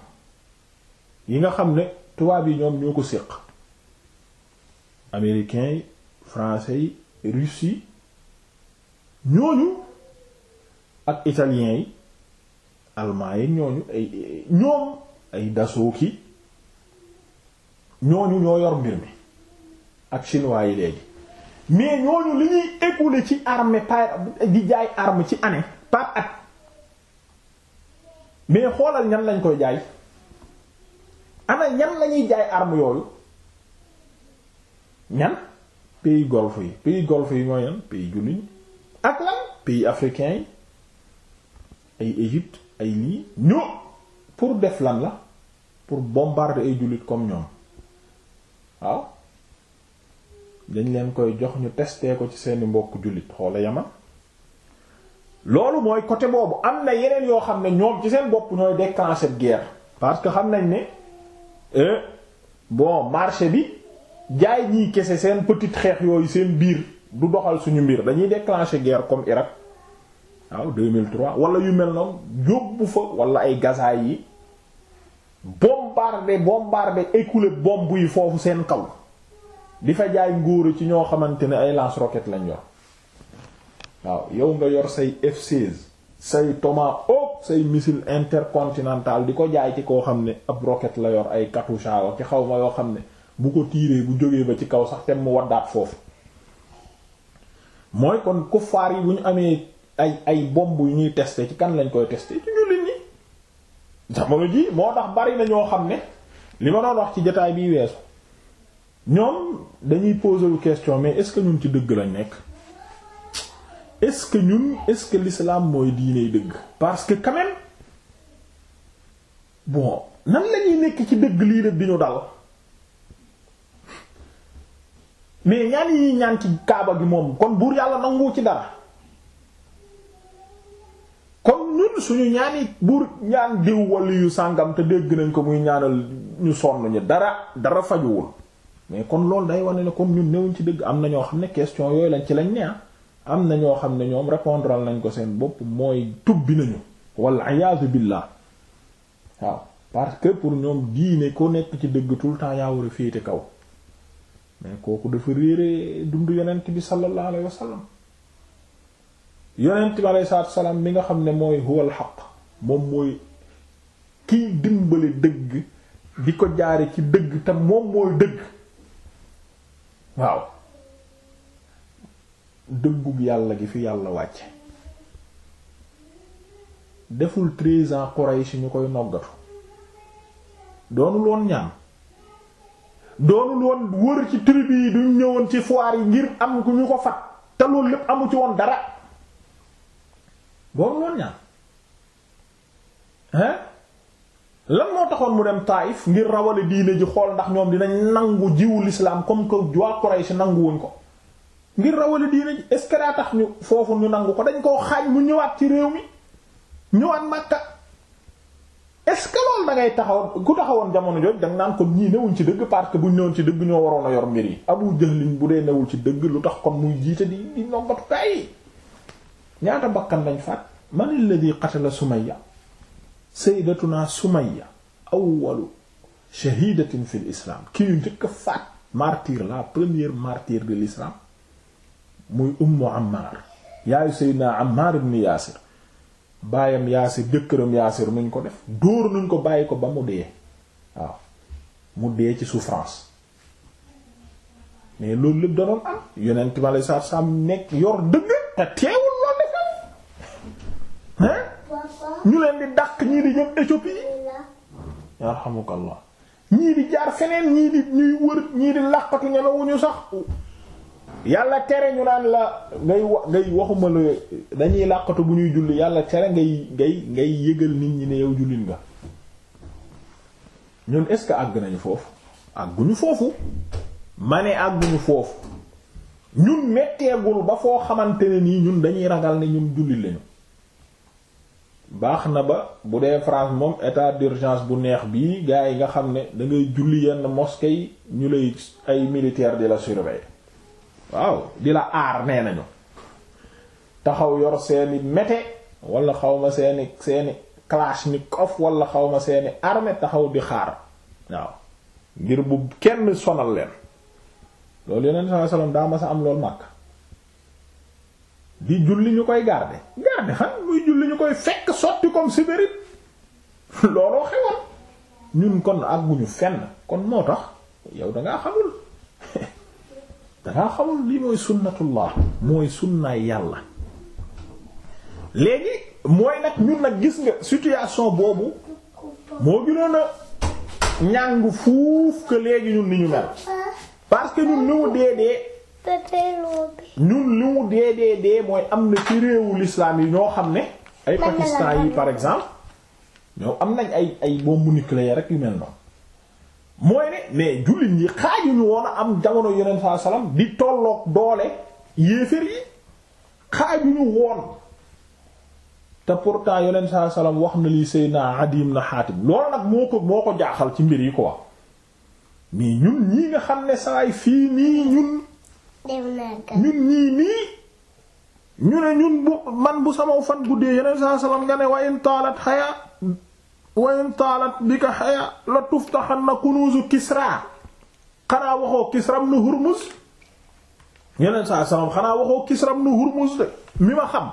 yi nga xam ne tubaab yi ñoom ñoo ko séq américains yi français yi russes yi ñooñu ak italiens yi allemands yi ñooñu ay ñoom ay dasooki ñooñu ñoo yor mbir mi ak chinois yi léegi mais ñooñu li ñuy écoulé ci armée par di jaay arme ci année par at mais xoolal ñan lañ koy jaay ana ñan lañuy jaay arme yooyu ñan pays golfe yi pays golfe yi mooy yan pays jullit ak lan pays africain yi ay Égypte ay lii ñoo pour def lan la pour bombarder ay jullit comme ñoom waaw dañ leen koy jox ñu testee ko ci seeni mbokk jullit xoola yaman loolu mooy côté boobu am na yeneen yoo xam ne ñoom ci seen bopp ñooy déclencher guerre parce que xam nañ ne euh, bon marché bi jaay ñiy kese seen petite xeex yooyu seen biir du doxal suñu mbir dañuy déclencher guerre comme Irak waaw 2003 wala yu mel noonu yóbbu fa wala ay Gaza yi bombarder bombarder écouler bombe yi foofu seen kaw di fa jaay nguuru ci ñoo xamante ne ay lance roquette lañu yor waaw yow nga yor say F-16 say Tomahawk say missile intercontinental di ko jaay ci koo xam ne ab roquette la yor ay katushawa ci xaw ma yoo xam ne bu ko tiiree bu jógee ba ci kaw sax te mu waddaat foofu mooy kon kuffaar yi bu ñu amee ay ay bomb yu ñuy tester ci kan lañ koy tester ci ñu lit ñi jamono ji moo tax bari na ñoo xam ne li ma doon wax ci jataay bi weesu ñoom dañuy poser wu question mais est-ce que ñun ci dëgg lañ nekk est-ce que ñun est-ce que l'islam mooy diiney dëgg parce que quand même bon nan lañuy nekk ci dëgg lii def di ñu dal mais ñaan yi ñaan ci kaaba gi moom kon buur yàlla nangu ci dara kon ñun suñu ñaan buur ñaan diw walla yu sàngam te dégg nañ ko muy ñaanal ñu sonn ñu dara dara fajuwul mais kon loolu day wane ne kon ñun newuñ ci dëgg am na ñoo xam ne question yooyu lañ ci lañ ne ah. am na ñoo xam ne ñoom répondral nañ ko seen bopp mooy tubbi nañu wal iyaazu billah waaw parce que pour ñoom diine ko nekk ci dëgg tout le temps yaa war a féete kaw mais kooku dafa réere dund yonent bi sallallahu alayhi wa sallam yonent bi alayhi salaatu salaam mi nga xam ne mooy huwal xaq moom mooy kiy dimbali dëgg di ko jaare ci dëgg te moom mooy dëgg waaw dëggug yàlla gi fi yàlla wàcc deful treize ans Quraysh ñu koy noggatu doonul woon ñaan doonul woon wër ci tribu yi duñ ñëwoon ci foir yi ngir am ku ñu ko fat te loolu lépp amu ci woon dara doonul woon ñaan hein lan moo taxoon mu dem Taayif ngir rawale diine ji xool ndax ñoom dinañ nangu jiwu l'islam comme ko waa Quraysh nangu wuñ ko ngir rawale diine ji est-ce que daa tax ñu foofu ñu nangu ko dañ koo xaaj mu ñëwaat ci réew mi ñëwaat Makka est-ce que loolu ngay taxaw ku taxawoon jamono jooju da nga naan kon ñii newuñ ci dëgg parce que buñ newoon ci dëgg ñoo waroon a yor mbir yi. Abu Jahl bu dee newul ci dëgg lu tax kon muy jiite di di nombatukaay yi ñaata bakkan lañ faat man alladhi qatala Sumayya sayyidatuna Sumayya awwalu shahidatin fil islam ki ñu njëkk faat martyr la première martyr de l'islam muy ummu Ammar yaayu sayyidina Ammar ibn Yaasir baayam Yaasir jëkkëram Yaasir nuñ ko def dóor nuñ ko bàyyi ko ba mu dee waaw mu dee ci souffrance mais loolu lépp da doon am yonent ma lay sax sam nekk yor dëgg te teew ñu leen di dàq ñii di ñëw Éthiopie yarhamukallah ñii di jaar feneen ñii di ñuy wër ñii di làqatu ñemewuñu sax yàlla tere ñu naan la ngay wa ngay waxuma la dañuy làqatu bu ñuy julli yàlla tere ngay ngay ngay yëgal nit ñi ne yow jullit nga ñun est-ce que àgg nañu foofu àgguñu foofu ma ne àgguñu foofu ñun metteegul ba foo xamante ne nii ñun dañuy ragal ne ñun jullit lañu baax na ba bu dee France moom état d'urgence bu neex bii gars yi nga xam ne da ngay julli yenn mosquée yi ñu lay ay militaire di la surveiller waaw di la aar nee nañu taxaw yor seeni mété wala xawma seeni seeni kalachnikov wala ma seeni armée taxaw di xaar waaw ngir bu kenn sonal leen loolu yeneen sallallahu alayhi wasallam daa ma sa am loolu màkk di julli ñu koy garder garder xam muy julli ñu koy fekk sotti comme sibérit looloo xewoon ñun kon àgguñu fenn kon moo tax yow dangaa xamul dangaa xamul lii mooy sunnatullah mooy sunnaay yàlla léegi mooy nag ñun nag gis nga situation boobu moo gënoon a ñàng fuuf que léegi ñun ni ñu mel parce que ñun ñëw dee dee ñun li mu dee dee dee mooy am na ci réewu l'islam yi ñoo xam ne ay Pakistan yi par exemple ñoom am nañ ay ay bombe nucléaire rek yu mel noonu mooy ne mais jullit ñi xaajuñu woon a am jamono yeneen saa salaam di tolloog doole yéefér yi xaajuñu woon te pourtant yeneen saa salaam wax na li Seydina Adim na Xaatim loolu nag moo ko moo ko jaaxal ci mbir yi quoi mais ñun ñii nga xam ne saa fii nii ñun. ñun ñii nii ñu ne ñun bu man bu sama fan guddee yeneen saa salaam wa in taalat xaya wa in taalat bika xaya la tuftaxanna xanaa waxoo Kisra ibn Hurmuz xanaa waxoo Kisra ibn Hurmuz xam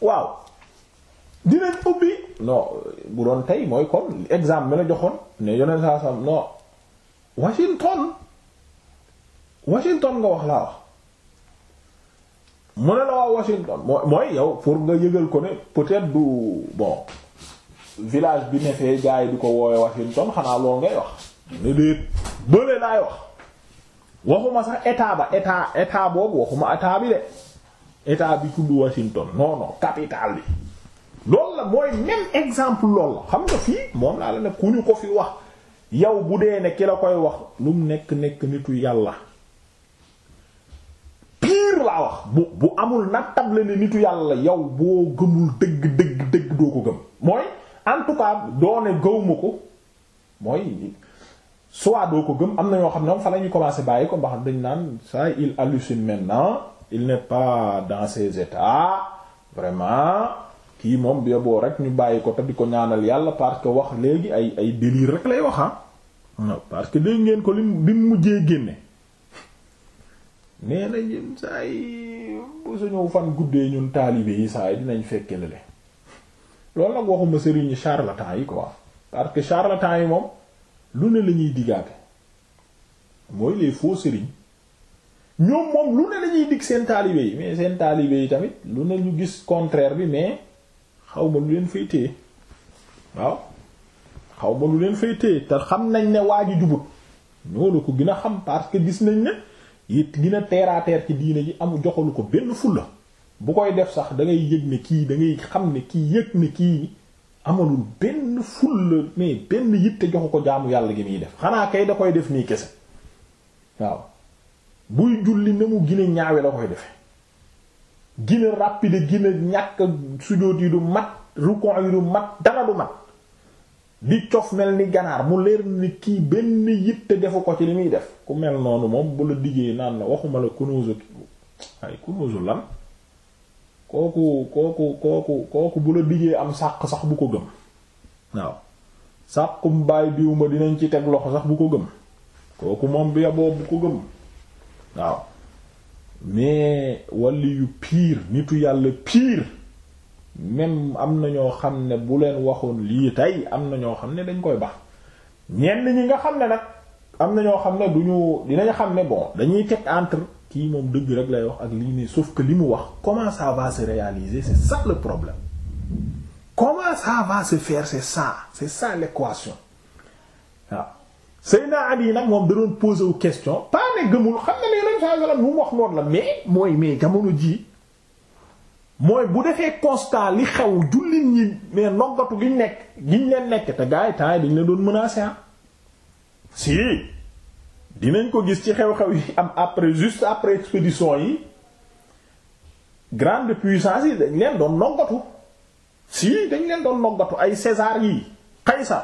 waaw dinañ ubbi tey mooy kon exemple mi la Washington. Washington nga wax laa wax mu ne la waa Washington mooy mooy pour nga yëgal ko ne peut-être du bon village bi ne fee gars di ko woowe Washington xanaa loo ngay wax ne déet bële laay wax waxuma sax état ba état état boobu waxuma état bi de état bi tudd Washington non non bi loolu la mooy même exemple loolu la xam nga fii moom laa la ne ku ñu ko fi wax yow bu dee ne ki la koy wax lu mu nekk nekk nitu yàlla dëgg laa wax bu bu amul nag table ne nitu yàlla yow boo gëmul dëgg dëgg dëgg doo ko gëm mooy en tout cas doone gëwuma ko mooy soit doo ko gëm am na ñoo xam ne moom fa la ñuy commencer bàyyi ko mbax dañ naan ça il hallucine maintenant il n'est pas dans ses ah vraiment kii moom bi boo rek ñu bàyyi ko te di ko ñaanal yàlla parce que wax léegi ay ay délire rek lay wax ah non parce que dégg ngeen ko lim bi mujjee génne. nee na yéen saa yi bu suñu fan guddee ñun taalibe yi saa yi dinañ fekke lale loolu nag waxuma sëriñu charlatan yi quoi parce que charlatan yi moom lu ne la ñuy diggaate mooy les faux sëriñ ñoom moom lu ne la ñuy seen taalibe yi mais seen taalibe yi tamit lu ne ñu gis contraire bi mais xaw ma lu leen fay téye waaw xaw ma lu leen fay téye te xam nañ ne waa ji jubut ñoo la ko gën a xam parce que gis nañ ne. it gën a ci diine ji amul joxalu ko benn fulla bu koy def sax dangay ngay yëg ne kii da xam ni kii yëg ne kii amalul benn fulla mais benn yitte joxu ko jaamu yàlla gi muy def xanaa kay da koy def nii kese waaw buy julli na mu gine ñaawe la koy defee gine rapide gine ñàkk sujóot yi du mat rukon yi du mat dara du mat li cof mel ni ganaar mu leer ni kii benn te defu ko ci li muy def ku mel noonu moom bu la diggee naan la waxuma la kunuusu ay kunuusu lan kooku kooku kooku kooku bu la diggee am sàq sax bu ko gëm waaw sàqum baay diw dinañ ci teg loxo sax bu ko gëm kooku moom bi yaboo bu ko gëm waaw mais wàlli yu piir nitu yàlla piir même am na ñoo xam ne bu leen waxoon lii tey am na ñoo xam ne dañ koy baax ñenn ñi nga xam ne nag am na ñoo xam ne du ñu dinañ xam ne bon dañuy teg entre kii moom dëgg rek lay wax ak lii nii sauf que li mu wax comment ça va se réaliser c'est ça le problème comment ça va se faire c'est ça c'est ça l'équation waaw Seydina Ali nag moom da doon wu question pas ne gëmul xam na ne leen saa salaam mu wax noonu la mais mooy mais jamono jii mooy bu defee constat li xew jullit ñi mais noggatu giñ nekk giñ leen nekk te gars yi temps dañ leen doon mën a ah si dinañ ko gis ci xew-xew yi am après juste après expédition yi grande puissance yi dañ leen doon noggatu si dañ leen doon noggatu ay César yi Qaysar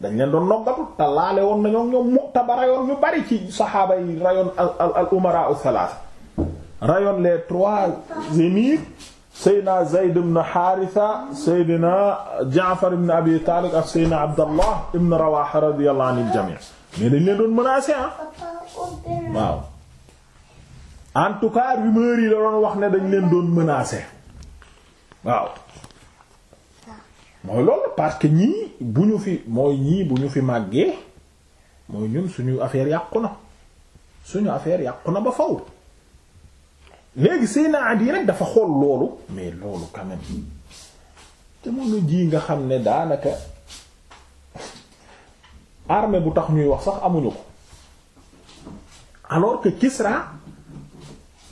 dañ leen doon noggatu te laale woon nañoo ñoom Mu'ta ba rayoon ñu bari ci saxaaba yi rayoon al al umara al salaasa rayoon les trois émirs Seydina Zayd ibn Haarisa Seydina Jaafar ibn Abi Taalib ak Seydina Abdallah ibn Rawaaha radiyallahu anil jamii mais dañ leen doon menacé ah waaw en tout cas rumeur yi la doon wax ne dañ leen doon menacé waaw mooy loolu parce que ñii bu ñu fi mooy ñii bu ñu fi màggee mooy ñun suñu affaire yàqu na suñu affaire yàqu na ba faw léegi Seydina Adi nag dafa xool loolu mais loolu quand même jamono jii nga xam ne daanaka armée bu tax ñuy wax sax amuñu ko alors que Kisra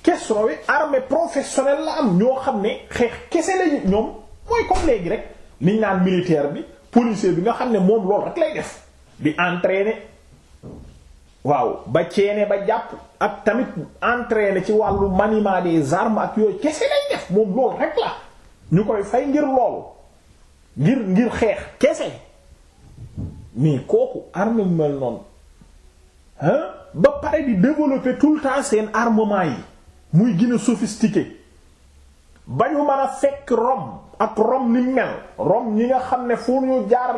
Kisra wi armée professionnelle la am ñoo xam ne xeex kese lañu ñoom mooy comme léegi rek liñ naan militaire bi policier bi nga xam ne moom loolu rek lay def di entraîner. waaw ba ceene ba jàpp ak tamit entraîner ci wàllu maniement des armes ak yooyu kese lañ def moom loolu rek la ñu koy fay ngir loolu ngir ngir xeex kese mais kooku arme bu mel noonu tout le temps seen armement yi muy gën a sophistiqué ba ñu mën a fekk Rome ak Rome ni mel Rome ñi nga xam ne fu ñu jaar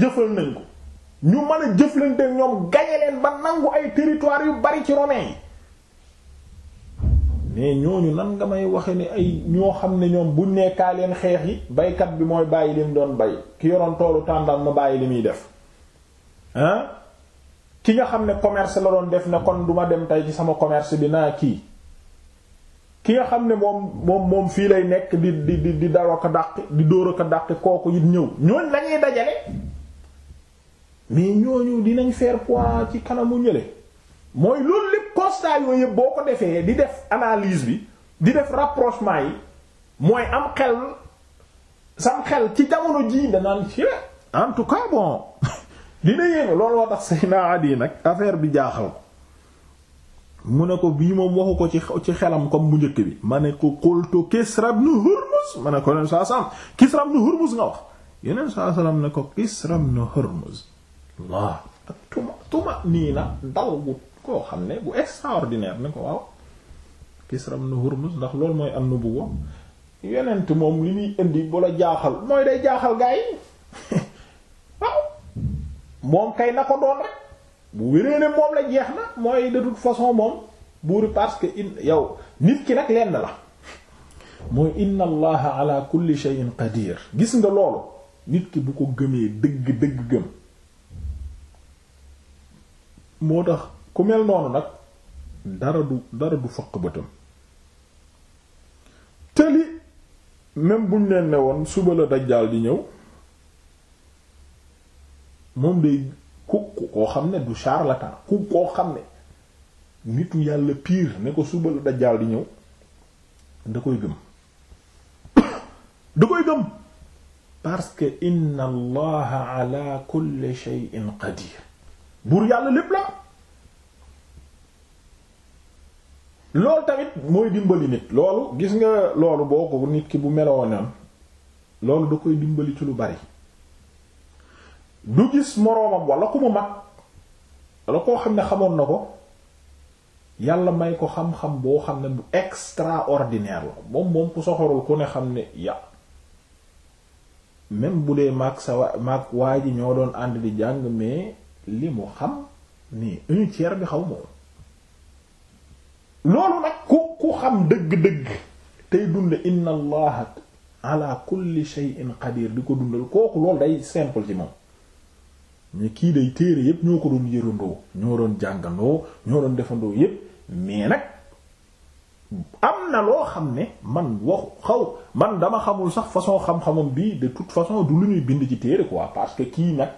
jëfal nañ ko ñu mën a jëflante ñoom gañe leen ba nangu ay territoire yu bari ci romains yi mais ñooñu nan nga may waxe ne ay ñoo xam ne ñoom buñ nekkaa leen xeex yi baykat bi mooy bàyyi lim doon bay ki yoroon toolu tàndal ma bàyyi li muy def hein ki nga xam ne commerce la doon def ne kon duma dem tey ci sama commerce bi naa kii ki nga xam ne moom moom moom fii lay nekk di di di di daro ko dàq di dóor ko dàq kooku it ñëw ñooñ lañuy dajale mais ñooñu dinañ faire poids ci kanamu ñële mooy loolu lépp constat yooyu yëpp boo ko defee di def analyse bi di def rapprochement yi mooy am xel sam xel ci jamono ji danaan ci en tout cas bon dina yéeme loolu woo tax say naa adi nag affaire bi jaaxal ko mu ne ko bii moom waxu ko ci ci xelam comme bu njëkk bi ma ne ko qultu Kisra ibn Hurmuz ma ne ko yeneen saa saam Kisra ibn Hurmuz nga wax yeneen saa saam ne ko Kisra ibn Hurmuz Allah tuma tuma nii na dal gu koo xam ne bu extraordinaire ni ko waaw Kisra ibn Hurmuz ndax loolu mooy am nubuwa yonent moom li muy indi bu la jaaxal mooy day jaaxal gaa yi waaw moom kay na ko doon rek bu wéree ne moom la jeex na mooy de façon moom buuri parce que in yow nit ki nag lenn la mooy inna allaha ala kulli shay'in qadir gis nga loolu nit ki bu ko gëmee dëgg dëgg gëm moo tax ku mel noonu nag dara du dara du faq bëtam tëli même buñ leen ne woon suba la dajjaal di ñëw moom day ku ku koo xam ne du charlatan ku koo xam ne nitu yàlla piir ne ko suba la dajjaal di ñëw da koy gëm da koy gëm parce que in allaha ala kulli shay'in qadir buur yàlla lépp la loolu tamit mooy dimbali nit loolu gis nga loolu boo ko nit ki bu meloonam loolu du koy dimbali ci lu bari du gis moroomam wala ku mu mag wala koo xam ne xamoon na ko yàlla may ko xam boo xam ne bu extraordinaire xam ne ya même bu ñoo doon ànd di jàng mais li mu xam ni un tiers bi xaw moom loolu nag ku ku xam dëgg-dëgg tey dund inna allaha ala kulli shay'in qadir di ko dundal kooku loolu day simple ci moom ñu kii day téere yépp ñoo ko doon yërandoo ñoo doon jàngandoo ñoo doon defandoo yépp mais nag am na loo xam ne man wax xaw man dama xamul sax façon xam-xamam bi de toute façon du lu ñuy bind ci téere quoi parce que kii nag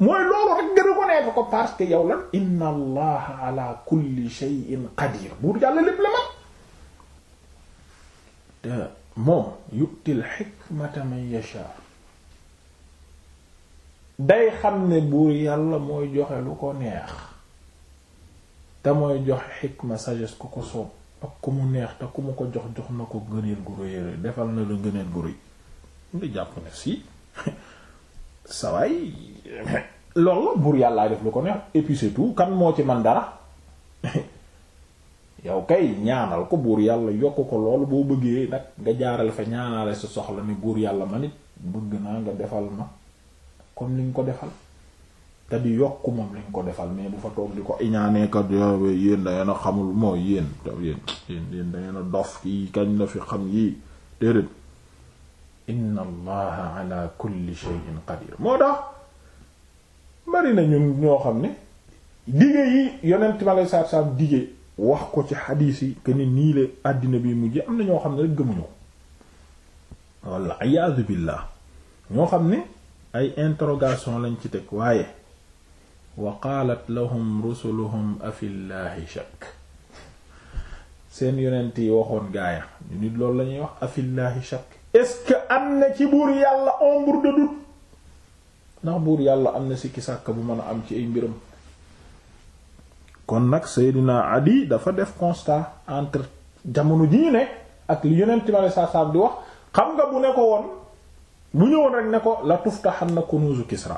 mooy loolu rek nga reconnaître ko parce que yow lan inna allaha ala kulli shay'in qadir buur yàlla lépp la man te moom yu'til hikmata man yasha day xam ne buur yàlla mooy joxe lu ko neex te mooy joxe xikma sagesse ku ko soob ak ku mu neex te ku mu ko jox jox na ko gëneel gu rëy defal na lu gëneel gu rëy nga jàpp ne si sawaay loolu buur yàllaa def lu ko neex et tout kan moo ci man dara yow kay ñaanal ko buur yàlla yokk ko loolu boo bëggee nag nga jaaral fa ñaanale sa soxla ni buur yàlla ma nit bëgg naa nga defal ma comme liñ ko defal te di yokk moom liñ ko defal mais bu fa toog di ko iñaaneekat yéen dangeen a xamul mooy yéen yéen yéen yéen dangeen a dof kii kañ la fi xam yii déedéet inna allaha ala kulli shay'in qadir moo tax bari na ñun ñoo xam ne dige yi yonent ma lay saab saab dige wax ko ci xadiis yi que ni nii la àddina bi mujj am na ñoo xam ne rek gëmuñu ko walla ayaazu billah ñoo xam ne ay interrogation lañ ci teg waaye wa qaalat lahum rusuluhum afillahi shakk seen yonent yi waxoon gaaya ñu nit loolu lañuy wax afillahi shakk est-ce que am na ci buur yàlla ombre de doute ndax buur yàlla am na sikki sàkk bu mën a am ci ay mbiram kon nag Seydina Adi dafa def constat entre jamono ji ne ak li yonent ma saa saa di wax xam nga bu ne ko woon bu ñëwoon rek ne ko la na kunuzu Kisra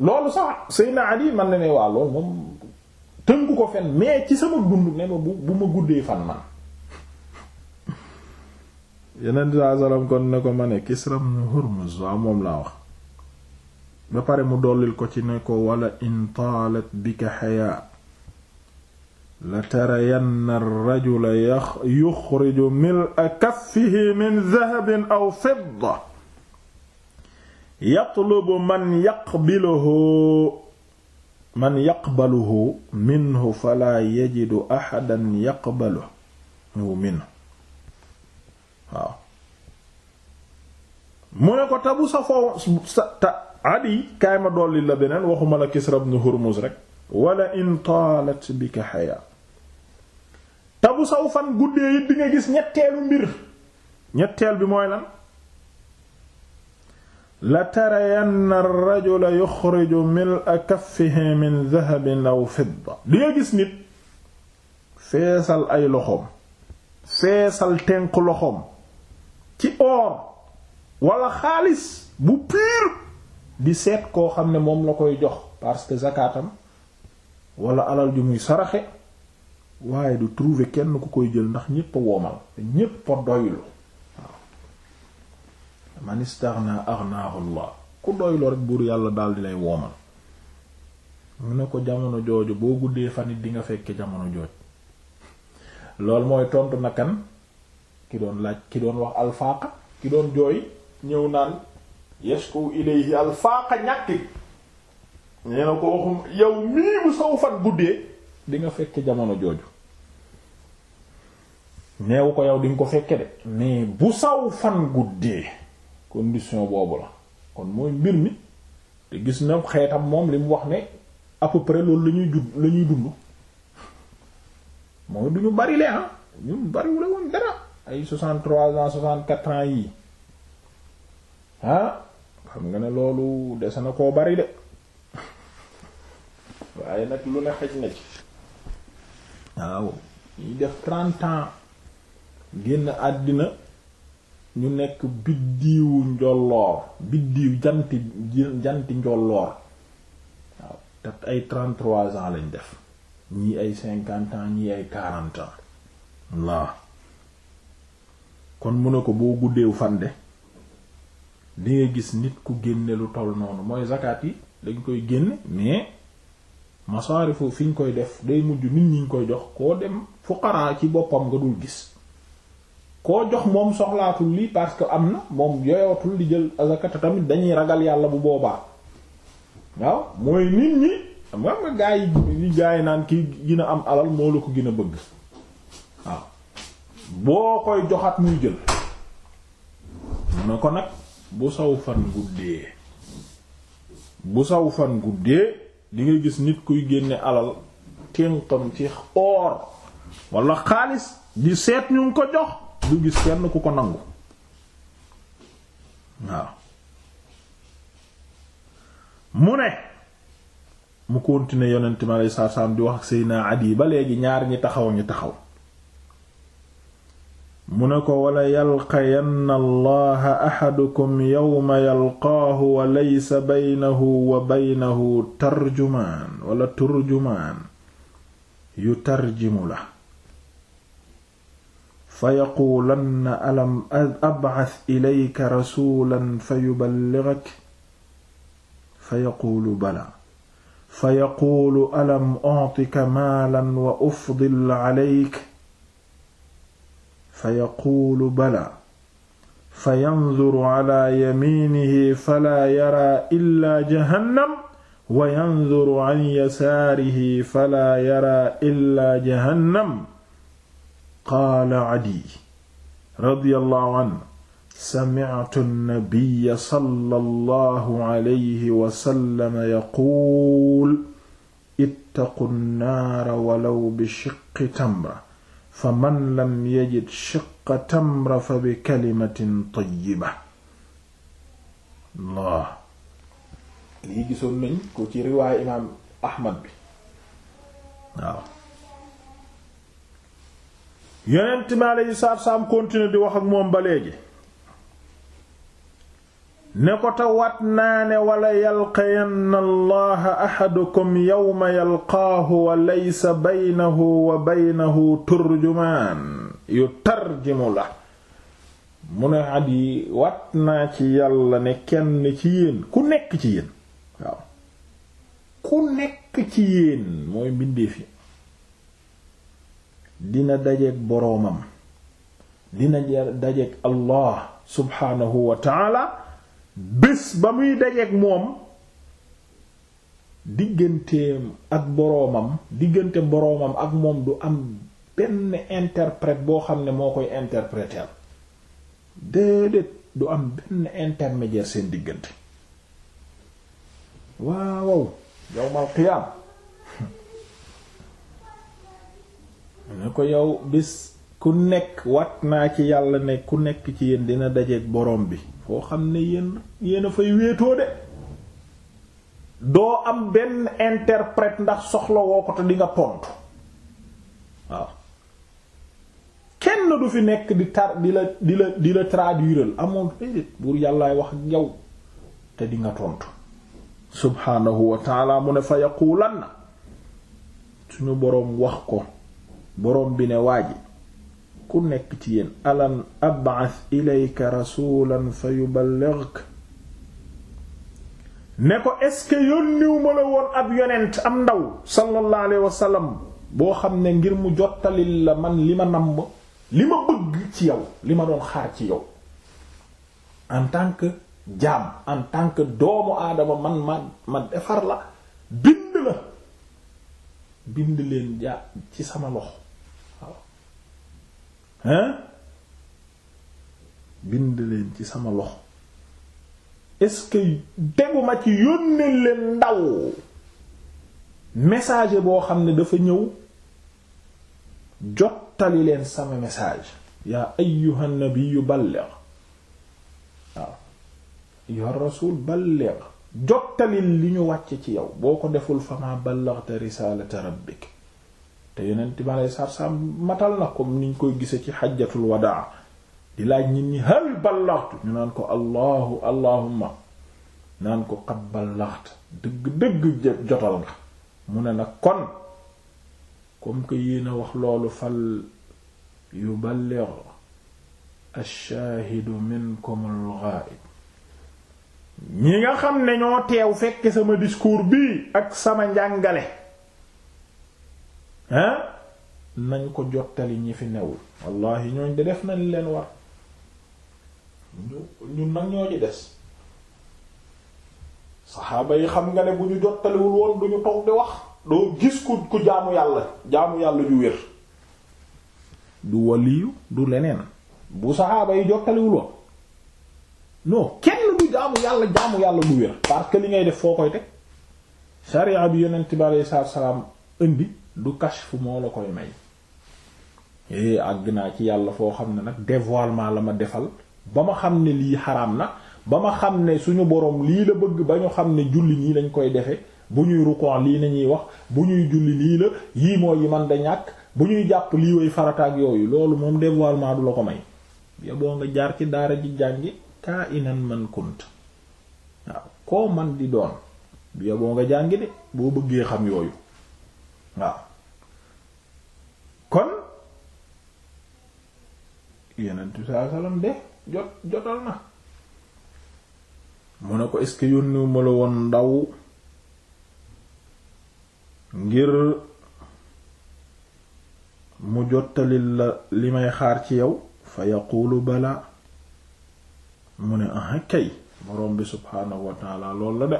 loolu sax Seydina Adi man na ne waa loolu moom tënku ko fen mais ci sama dund ne ma bu bu ma guddee fan man yeneen saa salaam kon ne ko ma ne Kisra ibn Hurmuz waaw moom laa wax ba pare mu dollil ko ci ne ko wala in taalat bika xayaa la tarayanna ar-rajula yuxriju mil'a kaffihi min dahabin aw fidda yatlubu man yaqbiluhu man yaqbaluhu minhu fala yajidu axadan yaqbaluhu minhu waaw mu ne ko tabu sa foo sa ta adi kaay ma dolli la beneen waxuma la Kisra ibn Hurmuz rek wala in taalat bika haya tabu saw fan guddee it di gis ñetteelu mbir ñetteel bi mooy lan la tarayanna ar-rajula yuxriju mil'a kaffihi min dahabin aw fidda di gis nit feesal ay loxoom feesal tenq loxoom ci or wala xaalis bu pur di seet koo xam ne moom la koy jox parce que zakaatam wala alal ju muy saraxe waaye du trouver kenn ku koy jël ndax ñépp a woomal te ñépp doylu waaw man istaghna ku doylu rek buur yàlla dal di lay woomal mu ne ko jamono jooju boo guddee fan it di nga fekke jamono jooj loolu mooy tontu nakan ki doon laaj ki doon wax alfaaqa ki doon jooy ñëw naan yashku ilayhi alfaaqa ñàkk nee na ko waxum yow mii bu saw fan guddee di nga fekke jamono jooju neewu ko yow di nga ko fekke de mais bu saw fan guddee condition boobu la kon mooy mbir mi te gis na xeetam moom li mu wax ne à loolu la ñuy jud la ñuy dund mooy du ñu bari le ah. ñu bariwule woon dara ay 63 ans 64 ans yii ah xam nga ne loolu dese na koo bari de waaye nag lu ne xëj na ci waaw ñuy def 30 ans génn àddina ñu nekk biddiwu njolloor biddiw janti janti njolloor waaw te ay 33 ans lañ def ñii ay 50 ans ñii ay 40 ans waaw kon mu ne ko boo guddeew fande di nga gis nit ku génne lu toll noonu mooy zakat yi dañ koy génne mais masaarifu fi ñu koy def day mujj nit ñi ñu koy jox koo dem fuqaraa ci boppam nga dul gis koo jox moom soxlaatul lii parce que am na moom yoyootul di jël zakat tamit dañuy ragal yàlla bu boobaa waaw mooy nit ñi xam nga gaa yi gaa naan ki gën a am alal moo la ko gën a bëgg waaw boo koy joxaat muy jël mu ne ko nag bu saw fan guddee bu saw fan guddee li nga gis nit kuy génne alal ténqam ci oor walla xaalis di seet ñu ngi ko jox du gis kenn ku ko nangu waaw mu ne mu kontine yonent mi aleyhi salaatu di wax ak Seydina Adi ba léegi ñaar ñi taxaw ñi taxaw mu ne ko wala yalqayanna allaha axadukum yowma yalqaahu wa laysa baynahu wa baynahu tarjumaan wala turjumaan yu tarjimu la fa yaquulanna alam abcas ilayka rasuulan fa yuballigak fa yaquulu bala fa yaquulu alam uctika maalan wa ufdil calayk fa yaquulu balaa fa yanzuru ala yamiinihi falaa yaraa illaa jahannam wa yanzuru an yasaarihi falaa yaraa illaa jahannam qaala Adiy radiyallahu anhu sami'tu nabiyya sallallahu alayhi wa sallam yaquul ittaqu nnaara walaw bishiqqi tamra fa man lam yajid shiqqa tamra fa bi kalimatin tayyiba Allah lii gisoon nañ ko ci riwaaya imaam Ahmad bi waaw yonent mi aleyhi salaatu salaam continuer di wax ak moom ba léegi ne ko te wat naa ne wala yalqayanna allaha ahadukum yowma yalqaahu wa laysa baynahu wa baynahu turjumaan yu tarjimu la mu ne at yi ci yàlla ne kenn ci yéen ku nekk ci yéen ku nekk ci yéen mooy mbindeef yi dina dajeek boroomam dina dajeek allah subhaanahu wa taala bés ba muy dajeek moom digganteem ak boroomam diggante boroomam ak moom du am benn interprète boo xam ne moo koy interpréter déedéet du am benn intermédiaire seen diggante waaw yawmal qiyaam ne ko yow bis ku nekk wat naa ci yàlla ne ku nekk ci yéen dina dajeek boroom bi foo xam ne yéen yéen a fay wéetoo de doo am benn interprète ndax soxlawoo woo ko te di nga tontu waaw kenn du fi nekk di tar di la di la di la traduire amoon déedéet buur yàllaay wax ak yow te di nga tontu subhaanahu wa taala mu ne fa yaquulan na suñu boroom wax ko boroom bi ne waaji ku nekk ci yéen alam ab'ath ilayka rasulan fa yuballighka ne ko est-ce que yónniw ma la woon ab yonent am ndaw sallallahu alayhi wa sallam boo xam ne ngir mu jottalil la man li ma namm li ma bëgg ci yow li ma doon xaar ci yow en tant que en tant doomu aadama man ma ma defar la bind la bind leen jaa ci sama loxo hein bind leen ci sama loxo est-ce que teguma ci yónnee leen ndaw message boo xam ne dafa ñëw jottali leen sama message yaa ayyuha yu balligh waaw ayyuha rasul balligh jottali li ñu wàcce ci yow boo ko deful fama ballaghta risalata rabbik te yonent bi aleyhi salaatu matal na comme niñ koy gise ci xajjatul wadaa di laaj nit ñi hal ballaxtu ñu naan ko allahu allahumma naan ko qad ballaxt dëgg-dëgg jotal nga mu ne nag kon comme que yéen a wax loolu fal yuballigh ash-shaahidu minkum al ñi nga xam ne ñoo teew fekk sama discours bii ak sama njàngale hein nañu ko jottali ñi fi newul wallahi ñooñ de def nañ leen war ñu nag ñoo ci des saxaaba yi xam nga ne bu ñu jottaliwul woon duñu toog di wax doo gis ku ku jaamu yàlla jaamu yàlla ju wér du waliyu du leneen bu saxaaba yi jottaliwul woon non kenn du jaamu yàlla jaamu yàlla bu wér parce que li ngay def foo koy teg sharia bi yonent bi alayhi salaam indi du kashfu moo la koy may é eh, naa ci yàlla foo xam ne nag dévoilement la ma defal ba ma xam ne lii xaram na ba ma xam ne suñu boroom lii la bëgg ba ñu xam ne julli nii lañ koy defe bu ñuy ruqon lii nañuy wax bu ñuy julli lii la yii mooy yi man da ñàkk bu ñuy jàpp lii way farataak yooyu loolu moom dévoilement du la ko may yo boo nga jaar ci daara ji jàngi kaa inan man kunt waaw koo man di doon yo boo nga jàngi de boo bëggee xam yooyu waaw kon de jot jotal na mu ne ko est-ce que yónniwuma la woon ndaw ngir mu jottalil la li may xaar ci yow fa yaqulu bala mu ne aha kay borom bi subhaanahu wa taala lool la de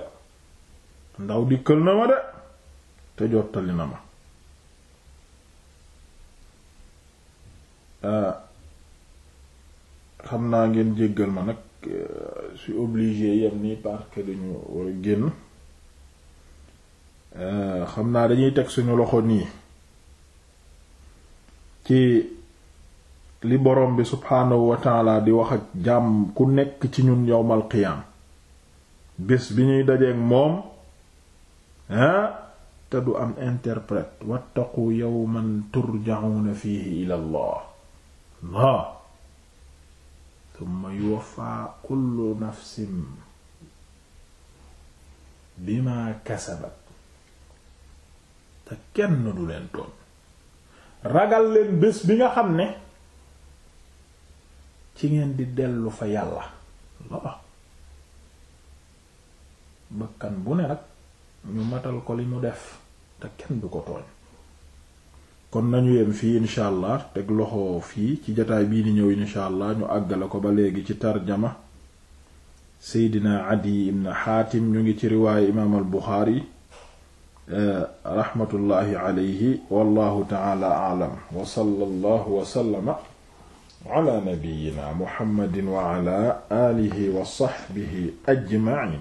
ndaw dikkal na ma de te jottali na ma Euh, xam naa ngeen jéggal ma nag si euh, suis obligé yem nii parce dañu war a génn euh, xam naa dañuy teg suñu loxo nii ci li borom bi subhaanahu wa di wax ak jàmm ku nekk ci ñun yowmal qiyaam bés bi ñuy dajeek moom ah te du am interpret interprète wattaqu yawman turja'una fihi fii Allah Allah tumma yuwaffa kullu nafsin bima kasabat te kenn du leen tooñ ragal leen bés bi nga xam ne ci ngeen di dellu fa yàlla Allah bakkan bu ne rek ñu matal ko li mu def te kenn du ko tooñ kon nañu yem fii incha allah teg loxo fii ci jataay bii ni ñëw incha allah ñu àggale ko ba léegi ci tarjama seydina adi ibn xaatim ñu ngi ci riwaaye imaam al buxaari eh, raxmatullahi alayhi wallahu taala aalam wa sallallahu wa sallama ala nabiyyina muhammadin wa ala alihi wa sahbihi ajma'in